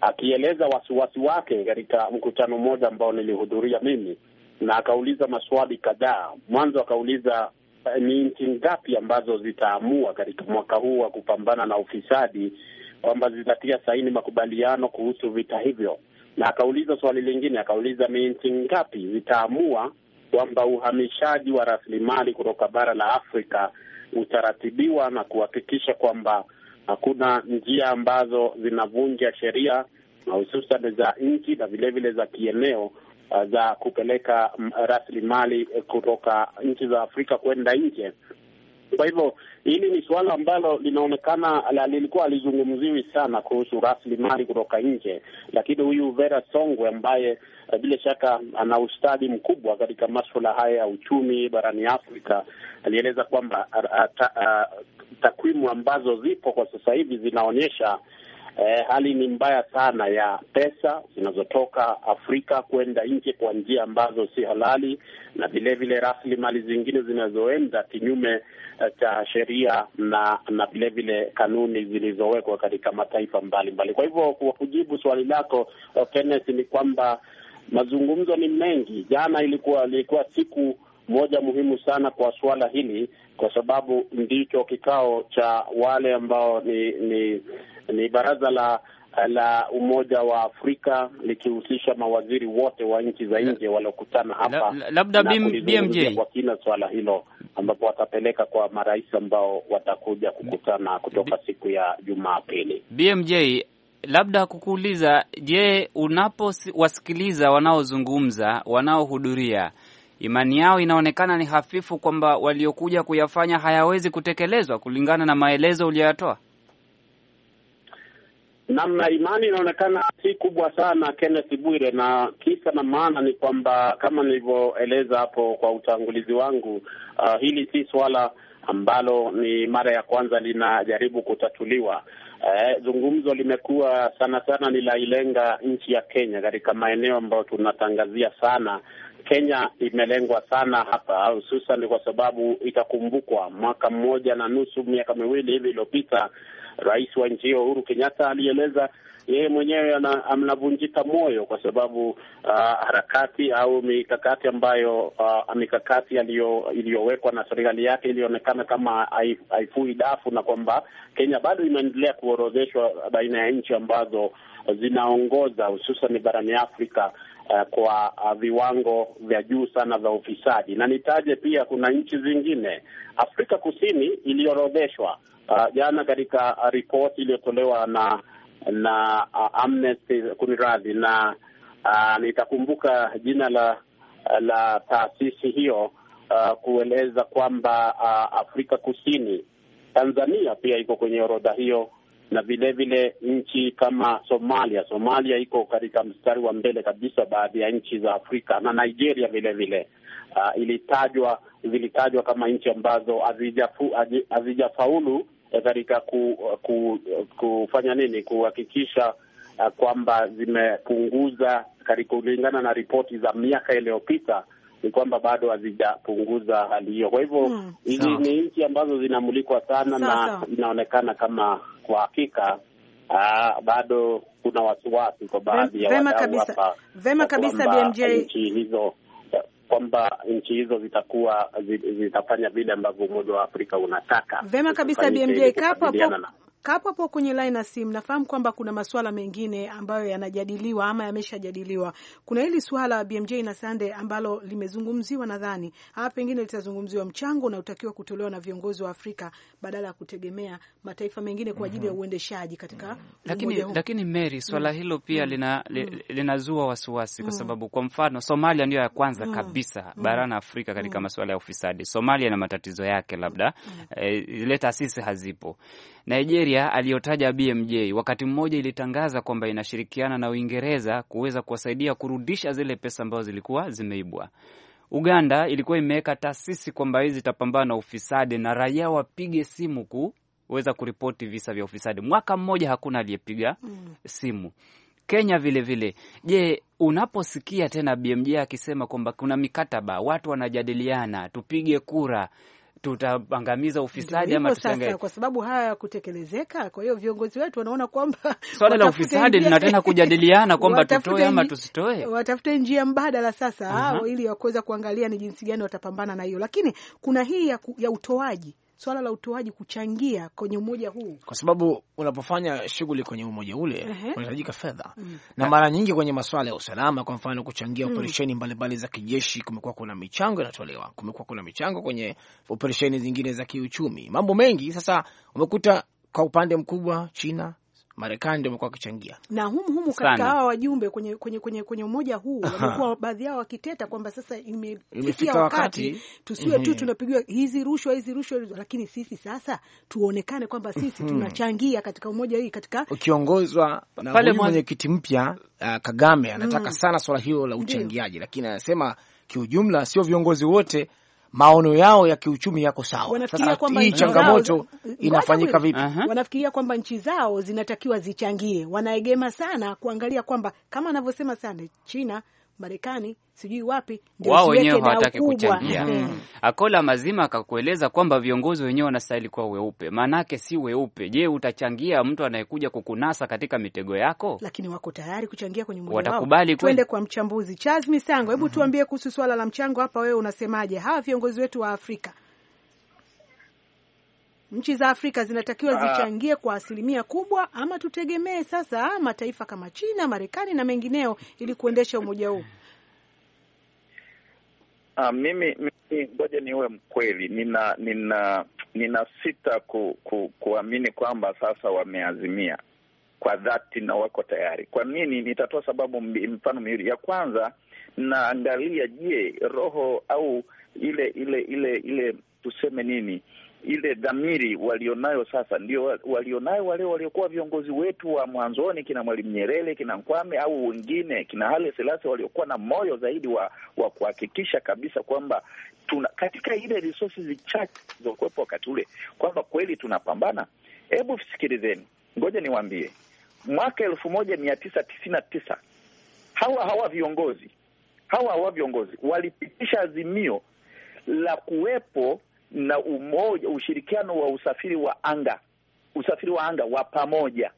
akieleza wasiwasi wake katika mkutano mmoja ambao nilihudhuria mimi, na akauliza maswali kadhaa. Mwanzo akauliza eh, ni nchi ngapi ambazo zitaamua katika mwaka huu wa kupambana na ufisadi kwamba zitatia saini makubaliano kuhusu vita hivyo, na akauliza swali lingine, akauliza ni nchi ngapi zitaamua kwamba uhamishaji wa rasilimali kutoka bara la Afrika utaratibiwa na kuhakikisha kwamba hakuna njia ambazo zinavunja sheria hususan za nchi na vilevile za kieneo uh, za kupeleka mm, rasilimali kutoka nchi za Afrika kwenda nje, kwa hivyo hili ni suala ambalo linaonekana lilikuwa alizungumziwi sana kuhusu rasilimali kutoka nje, lakini huyu Vera Songwe ambaye eh, bila shaka ana ustadi mkubwa katika maswala haya ya uchumi barani Afrika alieleza kwamba ah, ah, ah, takwimu ambazo zipo kwa sasa hivi zinaonyesha eh, hali ni mbaya sana ya pesa zinazotoka Afrika kwenda nje kwa njia ambazo si halali, na vilevile rasilimali zingine zinazoenda kinyume eh, cha sheria na na vilevile kanuni zilizowekwa katika mataifa mbalimbali mbali. Kwa hivyo kwa kujibu swali lako eh, Kenneth, ni kwamba mazungumzo ni mengi. Jana ilikuwa ilikuwa siku moja muhimu sana kwa suala hili, kwa sababu ndicho kikao cha wale ambao ni, ni ni baraza la la Umoja wa Afrika likihusisha mawaziri wote wa nchi za nje waliokutana hapa labda BMJ kwa kina swala hilo, ambapo watapeleka kwa marais ambao watakuja kukutana kutoka siku ya Jumapili. BMJ labda kukuuliza, je, unapowasikiliza wanaozungumza, wanaohudhuria, imani yao inaonekana ni hafifu kwamba waliokuja kuyafanya hayawezi kutekelezwa kulingana na maelezo uliyoyatoa? Namna imani inaonekana si kubwa sana, Kenneth Bwire, na kisa na maana ni kwamba kama nilivyoeleza hapo kwa utangulizi wangu, uh, hili si swala ambalo ni mara ya kwanza linajaribu kutatuliwa. Uh, zungumzo limekuwa sana sana linailenga nchi ya Kenya katika maeneo ambayo tunatangazia sana. Kenya imelengwa sana hapa, hususan kwa sababu itakumbukwa mwaka mmoja na nusu, miaka miwili hivi iliyopita Rais wa nchi hiyo Uhuru Kenyatta alieleza yeye mwenyewe anavunjika moyo kwa sababu uh, harakati au mikakati ambayo uh, mikakati iliyowekwa na serikali yake ilionekana kama haifui dafu, na kwamba Kenya bado imeendelea kuorodheshwa baina ya nchi ambazo zinaongoza hususan barani Afrika uh, kwa uh, viwango vya juu sana vya ufisadi. Na nitaje pia kuna nchi zingine, Afrika Kusini iliorodheshwa uh, jana katika uh, ripoti iliyotolewa na na uh, Amnesty kuniradhi, na uh, nitakumbuka jina la la taasisi hiyo uh, kueleza kwamba uh, Afrika Kusini, Tanzania pia iko kwenye orodha hiyo na vilevile nchi kama Somalia. Somalia iko katika mstari wa mbele kabisa, baadhi ya nchi za Afrika na Nigeria vilevile uh, ilitajwa zilitajwa kama nchi ambazo hazijafaulu eh, katika ku, ku, kufanya nini kuhakikisha uh, kwamba zimepunguza kulingana na ripoti za miaka iliyopita ni kwamba bado hazijapunguza hali hiyo. Kwa hivyo hmm. hizi hmm, ni nchi ambazo zinamulikwa sana sao, na inaonekana kama kwa hakika Aa, ah, bado kuna wasiwasi kwa baadhi ya wadau kabisa, vema kabisa BMJ, nchi hizo kwamba nchi hizo zitakuwa zitafanya vile ambavyo Umoja wa Afrika unataka. Vema kabisa BMJ, ikapo Kapo hapo kwenye line ya simu, nafahamu kwamba kuna masuala mengine ambayo yanajadiliwa ama yameshajadiliwa. Kuna hili swala BMJ na Sande ambalo limezungumziwa, nadhani hapa pengine litazungumziwa, mchango unaotakiwa kutolewa na viongozi wa Afrika badala ya kutegemea mataifa mengine kwa ajili ya mhm. uendeshaji katika. mm -hmm. Lakini, lakini Mary, swala mm. hilo pia mm. lina, -hmm. linazua wasiwasi kwa mm. sababu kwa mfano Somalia ndio ya kwanza mm -hmm. kabisa barani Afrika katika mm -hmm. masuala ya ufisadi. Somalia na matatizo yake, labda mm zile eh, taasisi hazipo. Nigeria Nigeria aliyotaja BMJ wakati mmoja ilitangaza kwamba inashirikiana na Uingereza kuweza kuwasaidia kurudisha zile pesa ambazo zilikuwa zimeibwa. Uganda ilikuwa imeweka taasisi kwamba hizi zitapambana na ufisadi na raia wapige simu kuweza kuripoti visa vya ufisadi. Mwaka mmoja hakuna aliyepiga mm. simu. Kenya vilevile vile. Je, unaposikia tena BMJ akisema kwamba kuna mikataba, watu wanajadiliana, tupige kura tutaangamiza ufisadi ama sasa, kwa sababu haya ya kutekelezeka. Kwa hiyo viongozi wetu wanaona kwamba [LAUGHS] swala la ufisadi linatenda kujadiliana kwamba [LAUGHS] tutoe ama tusitoe, watafute njia mbadala sasa, uh -huh. ili waweze kuangalia ni jinsi gani watapambana na hiyo, lakini kuna hii ya, ya utoaji swala la utoaji kuchangia kwenye umoja huu, kwa sababu unapofanya shughuli kwenye umoja ule unahitajika fedha mm. na mara nyingi kwenye masuala ya usalama, kwa mfano kuchangia mm. operesheni mbalimbali za kijeshi, kumekuwa kuna michango inatolewa, kumekuwa kuna michango kwenye operesheni zingine za kiuchumi, mambo mengi. Sasa umekuta kwa upande mkubwa China Marekani ndio imekuwa akichangia na humu humu katika hawa wajumbe kwenye, kwenye, kwenye, kwenye umoja huu wamekuwa baadhi yao wakiteta kwamba sasa imefikia wakati, wakati tusiwe mm -hmm. tu mhm. tunapigiwa hizi rushwa hizi rushwa, lakini sisi sasa tuonekane kwamba sisi mhm. tunachangia katika umoja hii katika ukiongozwa na pale mwenyekiti mpya uh, Kagame anataka mm sana swala hilo la uchangiaji, lakini anasema kiujumla sio viongozi wote maono yao ya kiuchumi yako sawa. Sasa hii changamoto inafanyika vipi? uh -huh. Wanafikiria kwamba nchi zao zinatakiwa zichangie, wanaegema sana kuangalia kwamba kama anavyosema sana China Marekani, sijui wapi, wao wenyewe hawataki kuchangia. Mm. mm. Akola mazima akakueleza kwamba viongozi wenyewe wanastahili kuwa weupe, maanake si weupe. Je, utachangia mtu anayekuja kukunasa katika mitego yako? Lakini wako tayari kuchangia kwenye mwili wao, watakubali. Twende kwa mchambuzi Charles Misango, hebu mm -hmm. tuambie kuhusu swala la mchango hapa, wewe unasemaje? Hawa viongozi wetu wa Afrika nchi za Afrika zinatakiwa zichangie kwa asilimia kubwa, ama tutegemee sasa mataifa kama China, Marekani na mengineo ili kuendesha umoja huu? Uh, mimi ngoja niwe mkweli, nina nina nina sita ku, ku, kuamini kwamba sasa wameazimia kwa dhati na wako tayari. Kwa nini? Nitatoa sababu mfano miwili. Ya kwanza naangalia, je, roho au ile ile ile ile tuseme nini ile dhamiri walionayo sasa ndio walionayo wale waliokuwa viongozi wetu wa mwanzoni, kina Mwalimu Nyerere, kina Nkwame au wengine, kina Haile Selassie waliokuwa na moyo zaidi wa, wa kuhakikisha kabisa kwamba tuna katika ile resources chache zilizokuwepo wakati ule kwamba kweli tunapambana. Hebu sikilizeni, ngoja niwaambie, mwaka elfu moja mia tisa tisini na tisa hawa hawa viongozi hawa hawa viongozi walipitisha azimio la kuwepo na umoja, ushirikiano wa usafiri wa anga, usafiri wa anga wa pamoja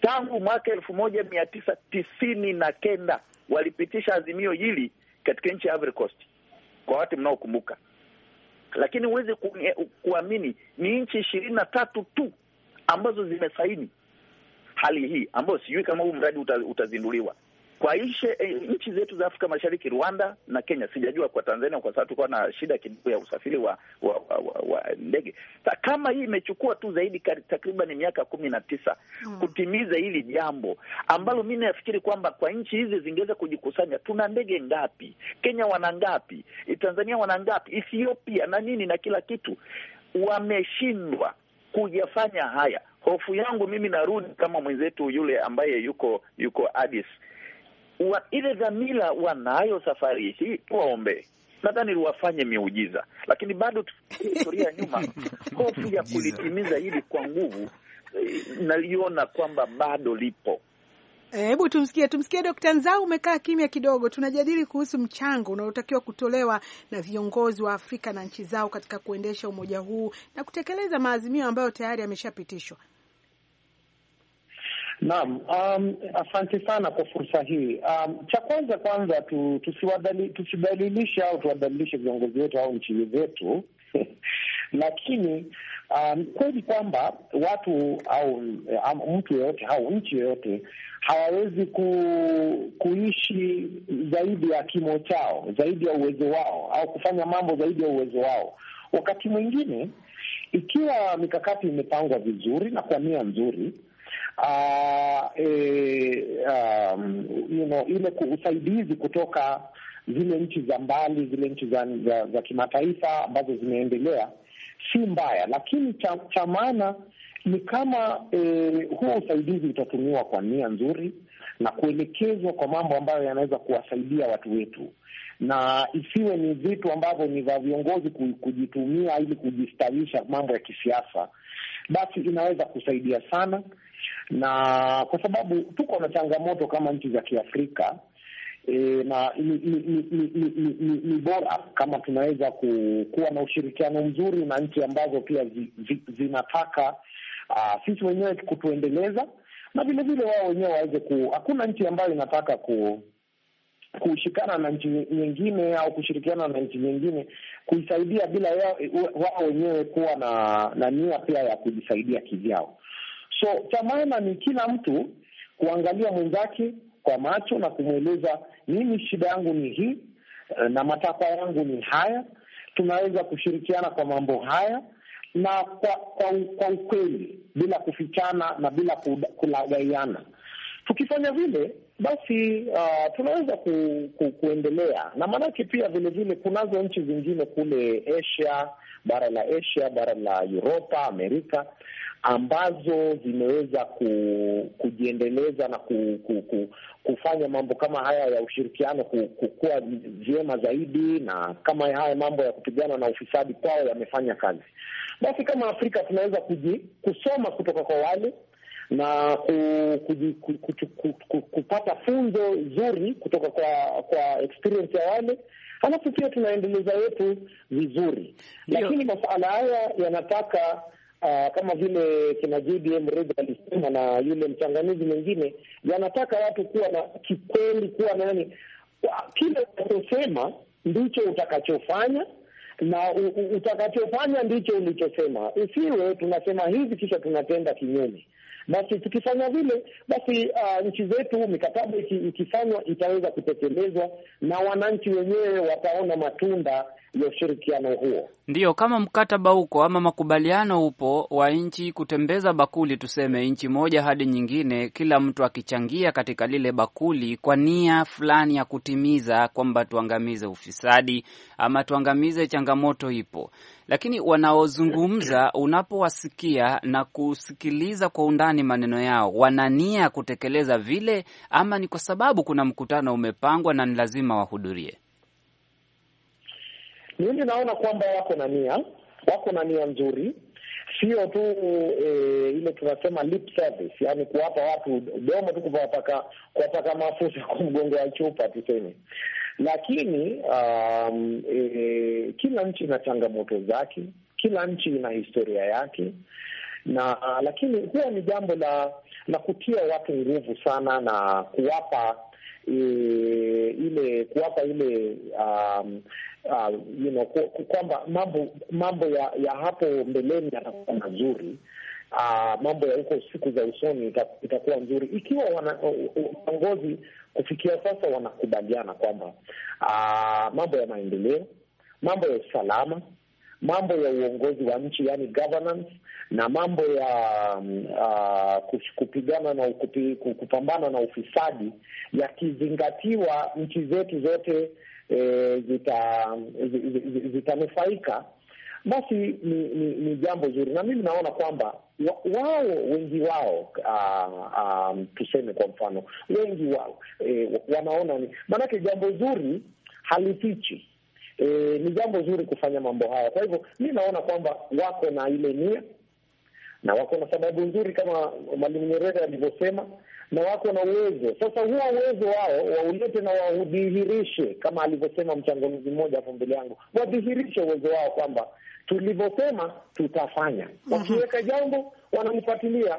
tangu mwaka elfu moja mia tisa tisini na kenda walipitisha azimio hili katika nchi ya Ivory Coast, kwa watu mnaokumbuka. Lakini huwezi kuamini, ni nchi ishirini na tatu tu ambazo zimesaini hali hii, ambayo sijui kama huu mradi utazinduliwa kwa ishe e, eh, nchi zetu za Afrika Mashariki, Rwanda na Kenya. Sijajua kwa Tanzania, kwa sababu tulikuwa na shida kidogo ya usafiri wa wa, wa, wa, wa ndege. Kama hii imechukua tu zaidi takriban miaka kumi na tisa hmm, kutimiza hili jambo ambalo mi nafikiri kwamba kwa nchi hizi zingeweza kujikusanya, tuna ndege ngapi? Kenya wana ngapi? Tanzania wana ngapi? Ethiopia na nini na kila kitu, wameshindwa kujafanya haya. Hofu yangu mimi narudi kama mwenzetu yule ambaye yuko yuko Addis wa ile dhamira wanayo safari hii, tuwaombe nadhani wafanye miujiza, lakini bado historia ya nyuma [LAUGHS] hofu ya kulitimiza hili kwa nguvu eh, naliona kwamba bado lipo. Hebu tumsikie tumsikie dokta Nzau, umekaa kimya kidogo. Tunajadili kuhusu mchango unaotakiwa kutolewa na viongozi wa Afrika na nchi zao katika kuendesha umoja huu na kutekeleza maazimio ambayo tayari yameshapitishwa. Naam, um, asante sana kwa fursa hii. Um, cha kwanza kwanza tu, tusidhalilishe au tuwadhalilishe viongozi wetu au nchi zetu [LAUGHS] lakini um, kweli kwamba watu au um, mtu yoyote au nchi yoyote hawawezi ku, kuishi zaidi ya kimo chao, zaidi ya uwezo wao, au kufanya mambo zaidi ya uwezo wao. Wakati mwingine, ikiwa mikakati imepangwa vizuri na kwa nia nzuri uh, e, um, you know, ile usaidizi kutoka zile nchi za mbali, zile nchi za, za, za kimataifa ambazo zimeendelea si mbaya, lakini cha maana ni kama e, huo usaidizi utatumiwa kwa nia nzuri na kuelekezwa kwa mambo ambayo yanaweza kuwasaidia watu wetu, na isiwe ni vitu ambavyo ni vya viongozi kujitumia ili kujistawisha mambo ya kisiasa basi inaweza kusaidia sana, na kwa sababu tuko na changamoto kama nchi za Kiafrika. E, na ni, ni, ni, ni, ni, ni, ni bora kama tunaweza ku, kuwa na ushirikiano mzuri na nchi ambazo pia zi, zi, zinataka aa, sisi wenyewe kutuendeleza na vilevile wao wenyewe waweze ku. Hakuna nchi ambayo inataka ku kushikana na nchi nyingine au kushirikiana na nchi nyingine kuisaidia bila e, wao wenyewe kuwa na, na nia pia ya kujisaidia kivyao. So cha maana ni kila mtu kuangalia mwenzake kwa macho na kumweleza, mimi shida yangu ni hii e, na matakwa yangu ni haya, tunaweza kushirikiana kwa mambo haya na kwa kwa, kwa ukweli bila kufichana na bila kulagaiana. Tukifanya vile basi uh, tunaweza ku, ku, kuendelea na maanake, pia vilevile kunazo nchi zingine kule Asia, bara la Asia, bara la Uropa, Amerika ambazo zimeweza ku, kujiendeleza na ku, ku, ku, kufanya mambo kama haya ya ushirikiano kukua vyema zaidi, na kama haya mambo ya kupigana na ufisadi kwao yamefanya kazi, basi kama Afrika tunaweza kuji, kusoma kutoka kwa wale na kupata funzo zuri kutoka kwa kwa experience ya wale halafu pia tunaendeleza wetu vizuri, lakini masuala haya yanataka uh, kama vile kina JDM Rega alisema na yule mchanganuzi mwingine, yanataka watu kuwa na kikweli, kuwa na yani, kile unachosema ndicho utakachofanya na utakachofanya ndicho ulichosema. Usiwe tunasema hivi kisha tunatenda kinyume. Basi tukifanya vile, basi uh, nchi zetu mikataba ikifanywa itaweza kutekelezwa na wananchi wenyewe wataona matunda ya ushirikiano huo. Ndiyo, kama mkataba uko ama makubaliano upo wa nchi kutembeza bakuli, tuseme nchi moja hadi nyingine, kila mtu akichangia katika lile bakuli kwa nia fulani ya kutimiza kwamba tuangamize ufisadi ama tuangamize changamoto ipo lakini wanaozungumza unapowasikia na kusikiliza kwa undani maneno yao, wana nia kutekeleza vile, ama ni kwa sababu kuna mkutano umepangwa na ni lazima wahudhurie? Mimi naona kwamba wako na nia, wako na nia nzuri, sio tu e, ile tunasema lip service, yani kuwapa watu domo tu, kuwapaka kuwapaka mafuta kwa mgongo wa chupa tuseme. Lakini um, e, kila nchi ina changamoto zake, kila nchi ina historia yake na lakini huwa ni jambo la la kutia watu nguvu sana na kuwapa e, ile kuwapa ile um, uh, you know, kwamba mambo mambo ya, ya hapo mbeleni yatakuwa mazuri. Uh, mambo ya huko siku za usoni itakuwa nzuri ikiwa viongozi kufikia sasa wanakubaliana kwamba ah, mambo ya maendeleo, mambo ya usalama, mambo ya uongozi wa nchi, yani governance, na mambo ya uh, kupigana na ukupi, kupambana na ufisadi yakizingatiwa, nchi zetu zote e, zitanufaika zita basi ni, ni, ni jambo zuri, na mimi naona kwamba wao wengi wao uh, um, tuseme kwa mfano wengi wao eh, wanaona ni maanake jambo zuri halifichi. E, ni jambo zuri kufanya mambo haya. Kwa hivyo mi naona kwamba wako na ile nia na wako na sababu nzuri kama Mwalimu Nyerere alivyosema na wako na uwezo. Sasa huo uwezo wao waulete na waudhihirishe, kama alivyosema mchanganuzi mmoja hapo mbele yangu, wadhihirishe uwezo wao kwamba tulivyosema tutafanya. Mhm. Wakiweka jambo wanalifuatilia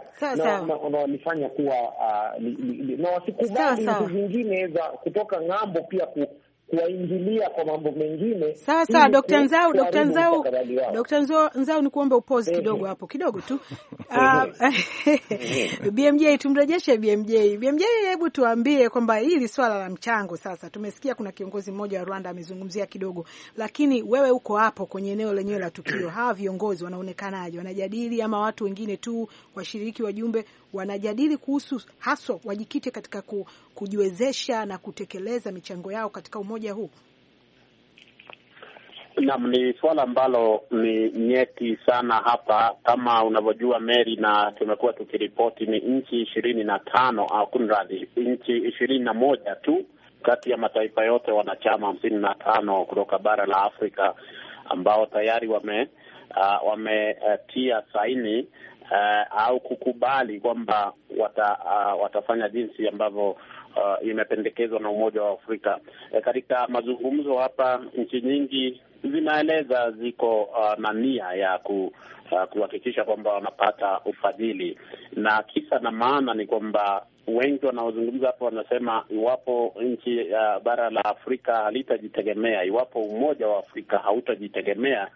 na walifanya kuwa uh, li, li, li, na wasikubali vitu zingine za kutoka ng'ambo pia ku, kuwaingilia kwa mambo mengine. Sasa Dr. Nzau, Dr. Nzau, Dr. Nzau ni kuomba upozi kidogo hapo kidogo tu [LAUGHS] ah, [LAUGHS] BMJ, tumrejeshe BMJ. BMJ, hebu tuambie kwamba hili swala la mchango sasa, tumesikia kuna kiongozi mmoja wa Rwanda amezungumzia kidogo, lakini wewe uko hapo kwenye eneo lenyewe la tukio, hawa viongozi wanaonekanaje? Wanajadili ama watu wengine tu, washiriki, wajumbe wanajadili kuhusu haswa, wajikite katika ku, kujiwezesha na kutekeleza michango yao katika umoja huu? Naam, ni suala ambalo ni nyeti sana hapa. Kama unavyojua Mary, na tumekuwa tukiripoti, ni nchi ishirini na tano au kunradhi, nchi ishirini na moja tu kati ya mataifa yote wanachama hamsini na tano kutoka bara la Afrika ambao tayari wame uh, wametia uh, saini uh, au kukubali kwamba wata, uh, watafanya jinsi ambavyo uh, imependekezwa na Umoja wa Afrika. E, katika mazungumzo hapa, nchi nyingi zinaeleza ziko uh, na nia ya ku, uh, kuhakikisha kwamba wanapata ufadhili, na kisa na maana ni kwamba wengi wanaozungumza hapo wanasema iwapo nchi uh, bara la Afrika halitajitegemea, iwapo umoja wa Afrika hautajitegemea,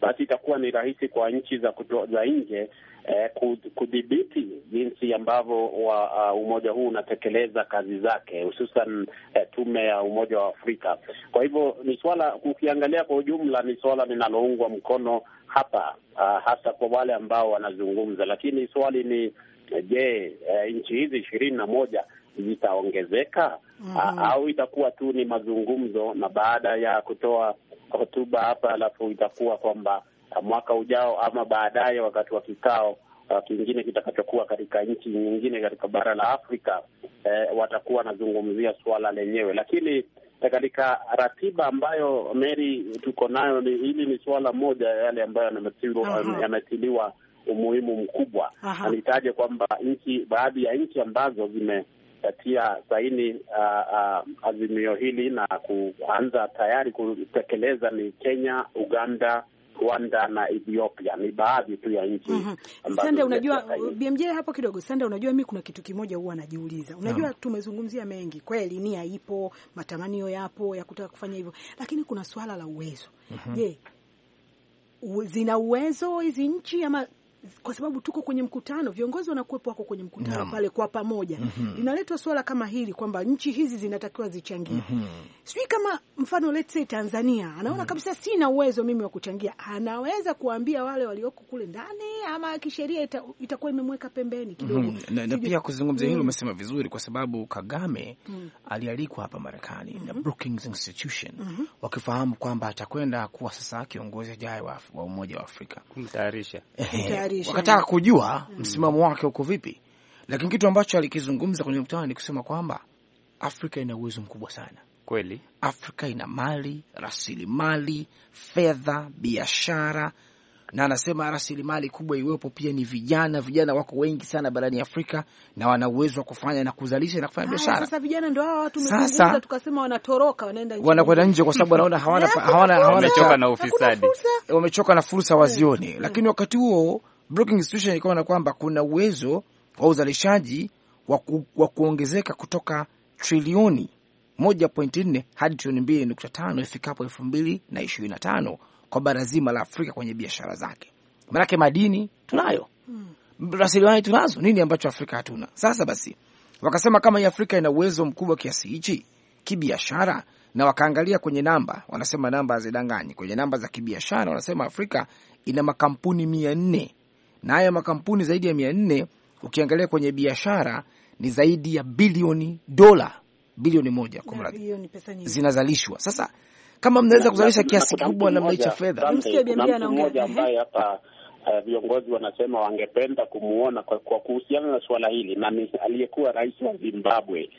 basi itakuwa ni rahisi kwa nchi za, za nje eh, kudhibiti jinsi ambavyo uh, umoja huu unatekeleza kazi zake hususan eh, tume ya Umoja wa Afrika. Kwa hivyo ni swala, ukiangalia kwa ujumla, ni swala linaloungwa mkono hapa, uh, hasa kwa wale ambao wanazungumza, lakini swali ni eh, je, eh, nchi hizi ishirini na moja zitaongezeka mm -hmm. au itakuwa tu ni mazungumzo, na baada ya kutoa hotuba hapa alafu itakuwa kwamba mwaka ujao ama baadaye, wakati wa kikao uh, kingine kitakachokuwa katika nchi nyingine katika bara la Afrika e, watakuwa wanazungumzia suala lenyewe, lakini eh, katika ratiba ambayo Mary tuko nayo ni hili ni suala moja yale ambayo yametiliwa umuhimu mkubwa. Nitaje kwamba nchi, baadhi ya nchi ambazo zimetia saini uh, uh, azimio hili na kuanza tayari kutekeleza ni Kenya, Uganda, Rwanda na Ethiopia ni baadhi tu ya nchi mm -hmm. Sande, unajua BMJ hapo kidogo. Sande, unajua mi kuna kitu kimoja huwa najiuliza, unajua no. Tumezungumzia mengi kweli, nia ipo, matamanio yapo ya kutaka kufanya hivyo, lakini kuna swala la uwezo. Mhm. Je, mm -hmm. zina uwezo hizi nchi ama kwa sababu tuko kwenye mkutano, viongozi wanakuwepo, wako kwenye mkutano Naam. pale kwa pamoja mm -hmm. inaletwa swala kama hili kwamba nchi hizi zinatakiwa zichangie mm -hmm. sijui kama mfano let's say Tanzania anaona mm -hmm. kabisa sina uwezo mimi wa kuchangia, anaweza kuambia wale walioko kule ndani, ama kisheria ita, itakuwa imemweka pembeni kidogo mm -hmm. na, na pia kuzungumzia hilo mm -hmm. umesema vizuri, kwa sababu Kagame mm -hmm. alialikwa hapa Marekani mm -hmm. na mhm. Brookings Institution mm -hmm. wakifahamu kwamba atakwenda kuwa sasa kiongozi ajaye wa, wa Umoja wa Afrika kumtayarisha wakataka kujua mm. msimamo wake uko vipi, lakini kitu ambacho alikizungumza kwenye mkutano ni kusema kwamba Afrika ina uwezo mkubwa sana kweli. Afrika ina mali, rasilimali, fedha, biashara na anasema rasilimali kubwa iwepo pia ni vijana. Vijana wako wengi sana barani Afrika na wana uwezo wa kufanya na kuzalisha na kufanya biashara. Sasa vijana ndio hao watu tukasema wanatoroka, wanaenda nje, wanakwenda nje kwa sababu wanaona hawana hawana, wamechoka na ufisadi, wamechoka na fursa wazione, hmm. lakini wakati huo Brookings Institution ikaona kwamba kuna uwezo wa uzalishaji wa waku, kuongezeka kutoka trilioni 1.4 hadi trilioni 2.5 ifikapo 2025 kwa bara zima la Afrika kwenye biashara zake. Manake madini tunayo, hmm. rasilimali tunazo, nini ambacho Afrika hatuna? Sasa basi wakasema kama hii Afrika ina uwezo mkubwa kiasi hichi kibiashara, na wakaangalia kwenye namba, wanasema namba hazidanganyi. Kwenye namba za kibiashara wanasema Afrika ina makampuni mia nne nayo makampuni zaidi ya mia nne ukiangalia kwenye biashara ni zaidi ya bilioni dola bilioni moja kwa mradi zinazalishwa. Sasa kama mnaweza kuzalisha kiasi kikubwa namna hicho fedha, Uh, viongozi wanasema wangependa kumuona kwa, kwa kuhusiana na suala hili na ni aliyekuwa rais wa Zimbabwe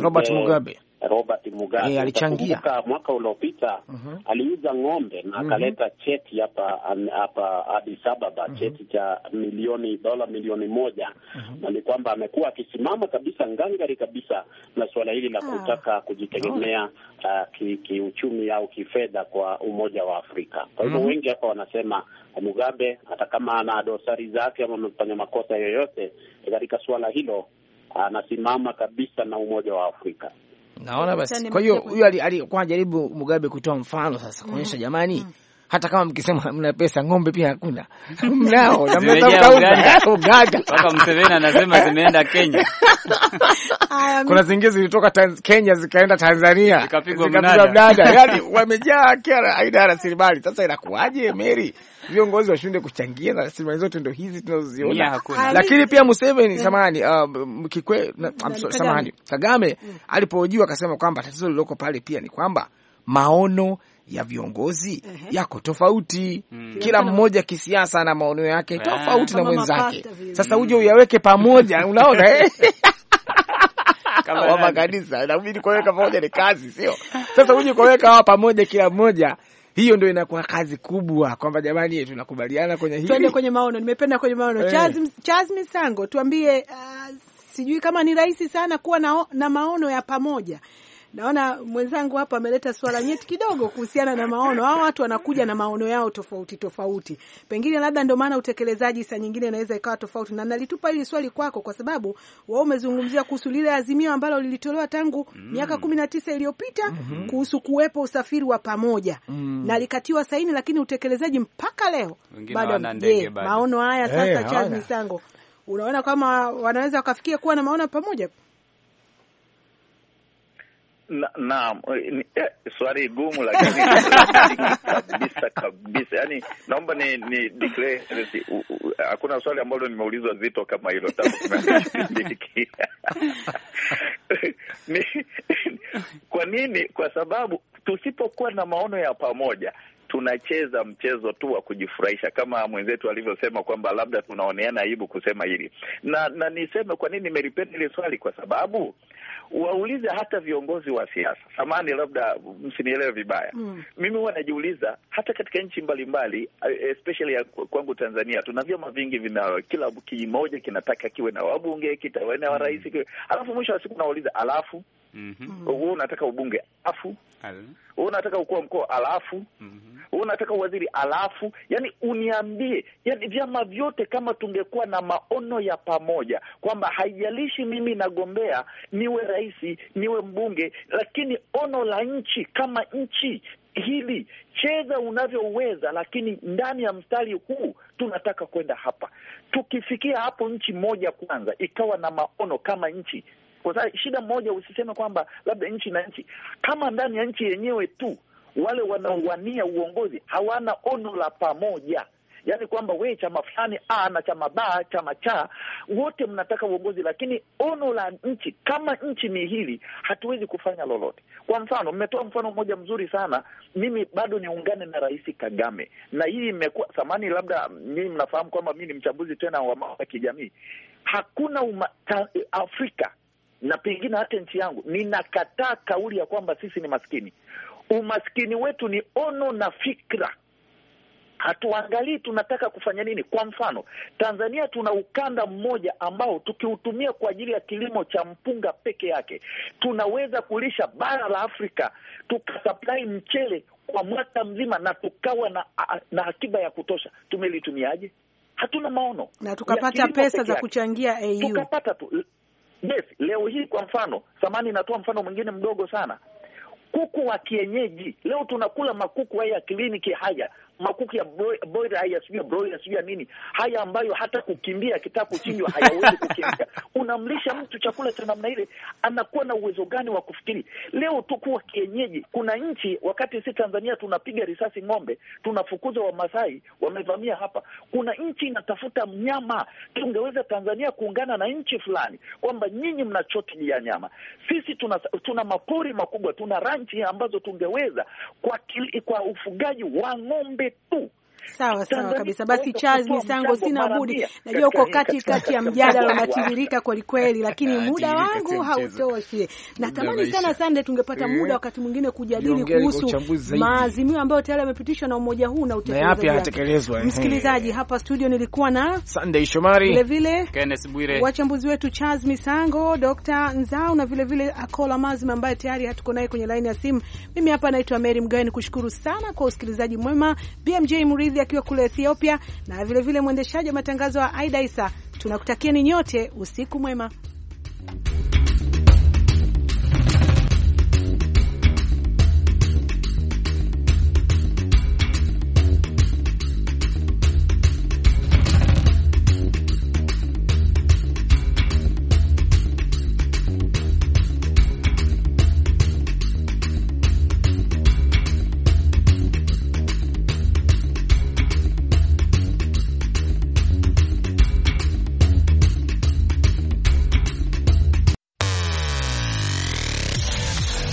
Robert Mugabe. Robert Mugabe. hey, eh, alichangia mwaka uliopita uh mhm. -huh. aliuza ng'ombe na mhm. akaleta uh -huh. cheti hapa hapa Addis Ababa uh mhm. -huh. cheti cha milioni dola milioni moja uh -huh. na ni kwamba amekuwa akisimama kabisa ngangari kabisa na suala hili la ah. kutaka kujitegemea uh, kiuchumi ki au kifedha kwa Umoja wa Afrika. Kwa hivyo uh -huh. wengi hapa wanasema Mugabe hata kama ana dosari zake ama amefanya makosa yoyote katika suala hilo, anasimama kabisa na Umoja wa Afrika. Naona basi. Kwa hiyo huyu alikuwa anajaribu Mugabe kutoa mfano sasa kuonyesha, mm -hmm. jamani, mm hata kama mkisema mna pesa, ng'ombe pia hakuna, [LAUGHS] mnao na mnatafuta Uganda. Paka Mseveni anasema zimeenda Kenya. [LAUGHS] Kuna zingine zilitoka Kenya zikaenda Tanzania zikapigwa mnada, [LAUGHS] yani wamejaa kera aina ya rasilimali. Sasa inakuwaje Mary, viongozi washinde kuchangia na rasilimali zote ndo hizi tunazoziona? Lakini pia Museveni eh. samani um, uh, kikwe Kagame mm. alipojua akasema kwamba tatizo lililoko pale pia ni kwamba maono ya viongozi yako tofauti hmm. Kila mmoja kisiasa na maono yake ah. tofauti na mwenzake. Sasa uje uyaweke pamoja, [LAUGHS] unaona eh? kama kanisa inabidi kuweka pamoja, ni kazi, sio? Sasa uje kuweka hawa pamoja, kila mmoja hiyo ndio inakuwa kazi kubwa, kwamba jamani, tunakubaliana kwenye hili, twende kwenye maono. Nimependa kwenye maono. Eh. Chazmi Sango, tuambie uh, sijui kama ni rahisi sana kuwa na, na maono ya pamoja Naona mwenzangu hapa ameleta swala nyeti kidogo kuhusiana na maono. Hao watu wanakuja na maono yao tofauti tofauti, pengine labda ndio maana utekelezaji saa nyingine inaweza ikawa tofauti. Na nalitupa hili swali kwako kwa sababu wewe umezungumzia kuhusu lile azimio ambalo lilitolewa tangu mm. miaka kumi na tisa iliyopita mhm. kuhusu kuwepo usafiri wa pamoja mm. na likatiwa saini, lakini utekelezaji mpaka leo bado. Je, maono haya sasa, hey, eh, Charles Misango, unaona kama wanaweza wakafikia kuwa na maono pamoja? Naam, eh, na, eh, swali gumu [LAUGHS] lakini kabisa kabisa, Yani naomba ni, ni declare eh, hakuna swali ambalo nimeulizwa zito kama hilo tangu [LAUGHS] Kwa nini? Kwa sababu tusipokuwa na maono ya pamoja tunacheza mchezo tu wa kujifurahisha, kama mwenzetu alivyosema kwamba labda tunaoneana aibu kusema hili na, na niseme kwa nini nimelipenda ile swali, kwa sababu waulize hata viongozi wa siasa samani, labda msinielewe vibaya mm. Mimi huwa najiuliza hata katika nchi mbalimbali, especially kwangu Tanzania, tuna vyama vingi vina kila kimoja kinataka kiwe na wabunge, kitawe na mm. rais, alafu mwisho wa siku nauliza alafu mm -hmm. Wewe unataka ubunge afu wewe unataka ukuwa mkoa alafu mm -hmm. Wewe unataka uwaziri alafu, yani uniambie, yani vyama vyote kama tungekuwa na maono ya pamoja kwamba haijalishi mimi nagombea niwe rais niwe mbunge, lakini ono la nchi kama nchi hili cheza unavyoweza, lakini ndani ya mstari huu tunataka kwenda hapa. Tukifikia hapo, nchi moja kwanza ikawa na maono kama nchi, kwa sababu shida mmoja, usiseme kwamba labda nchi na nchi, kama ndani ya nchi yenyewe tu wale wanaowania uongozi hawana ono la pamoja Yaani kwamba wee chama fulani a na chama ba chama cha wote mnataka uongozi, lakini ono la nchi kama nchi ni hili, hatuwezi kufanya lolote. Kwa mfano, mmetoa mfano mmoja mzuri sana. Mimi bado niungane na Rais Kagame, na hii imekuwa thamani. Labda nyinyi mnafahamu kwamba mi ni mchambuzi tena wa mambo ya kijamii. Hakuna uma, ta, Afrika na pengine hata nchi yangu, ninakataa kauli ya kwamba sisi ni maskini. Umaskini wetu ni ono na fikra, hatuangalii tunataka kufanya nini. Kwa mfano, Tanzania tuna ukanda mmoja ambao tukiutumia kwa ajili ya kilimo cha mpunga peke yake tunaweza kulisha bara la Afrika, tukasaplai mchele kwa mwaka mzima na tukawa na, na akiba ya kutosha. Tumelitumiaje? Hatuna maono na tukapata pesa za kuchangia AU. Tukapata tu Yes, Leo hii kwa mfano, samani inatoa mfano mwingine mdogo sana, kuku wa kienyeji. Leo tunakula makuku haya ya kliniki haya makuku ya boira haya sijui ya broiler sijui ya nini haya ambayo hata kukimbia akitaka kuchinjwa hayawezi kukimbia. [LAUGHS] Unamlisha mtu chakula cha namna ile, anakuwa na uwezo gani wa kufikiri? Leo tu kuwa kienyeji, kuna nchi wakati si Tanzania tunapiga risasi ng'ombe, tunafukuza Wamasai wamevamia hapa, kuna nchi inatafuta mnyama. Tungeweza Tanzania kuungana na nchi fulani kwamba nyinyi mna ya nyama, sisi tuna, tuna mapori makubwa, tuna ranchi ambazo tungeweza kwa, kwa ufugaji wa ng'ombe えっ Sawa sawa kabisa. Basi Charles Misango, sina budi, najua uko kati kati ya mjadala unatiririka kweli kweli, lakini ah, muda wangu hautoshi. Natamani sana sande, tungepata eh? muda wakati mwingine kujadili kuhusu maazimio ambayo tayari yamepitishwa na umoja huu na utekelezwa. Eh. Msikilizaji, hapa studio nilikuwa na Sunday Shomari, vile vile Kenneth Bwire, wachambuzi wetu Charles Misango, Dr. Nzao na vile vile Akola Mazima ambaye tayari hatuko naye kwenye laini ya simu. Mimi hapa naitwa Mary Mgawe, nikushukuru sana kwa usikilizaji mwema. BMJ Murithi Hamdi akiwa kule Ethiopia, na vilevile vile mwendeshaji wa matangazo wa Aida Isa. Tunakutakieni nyote usiku mwema.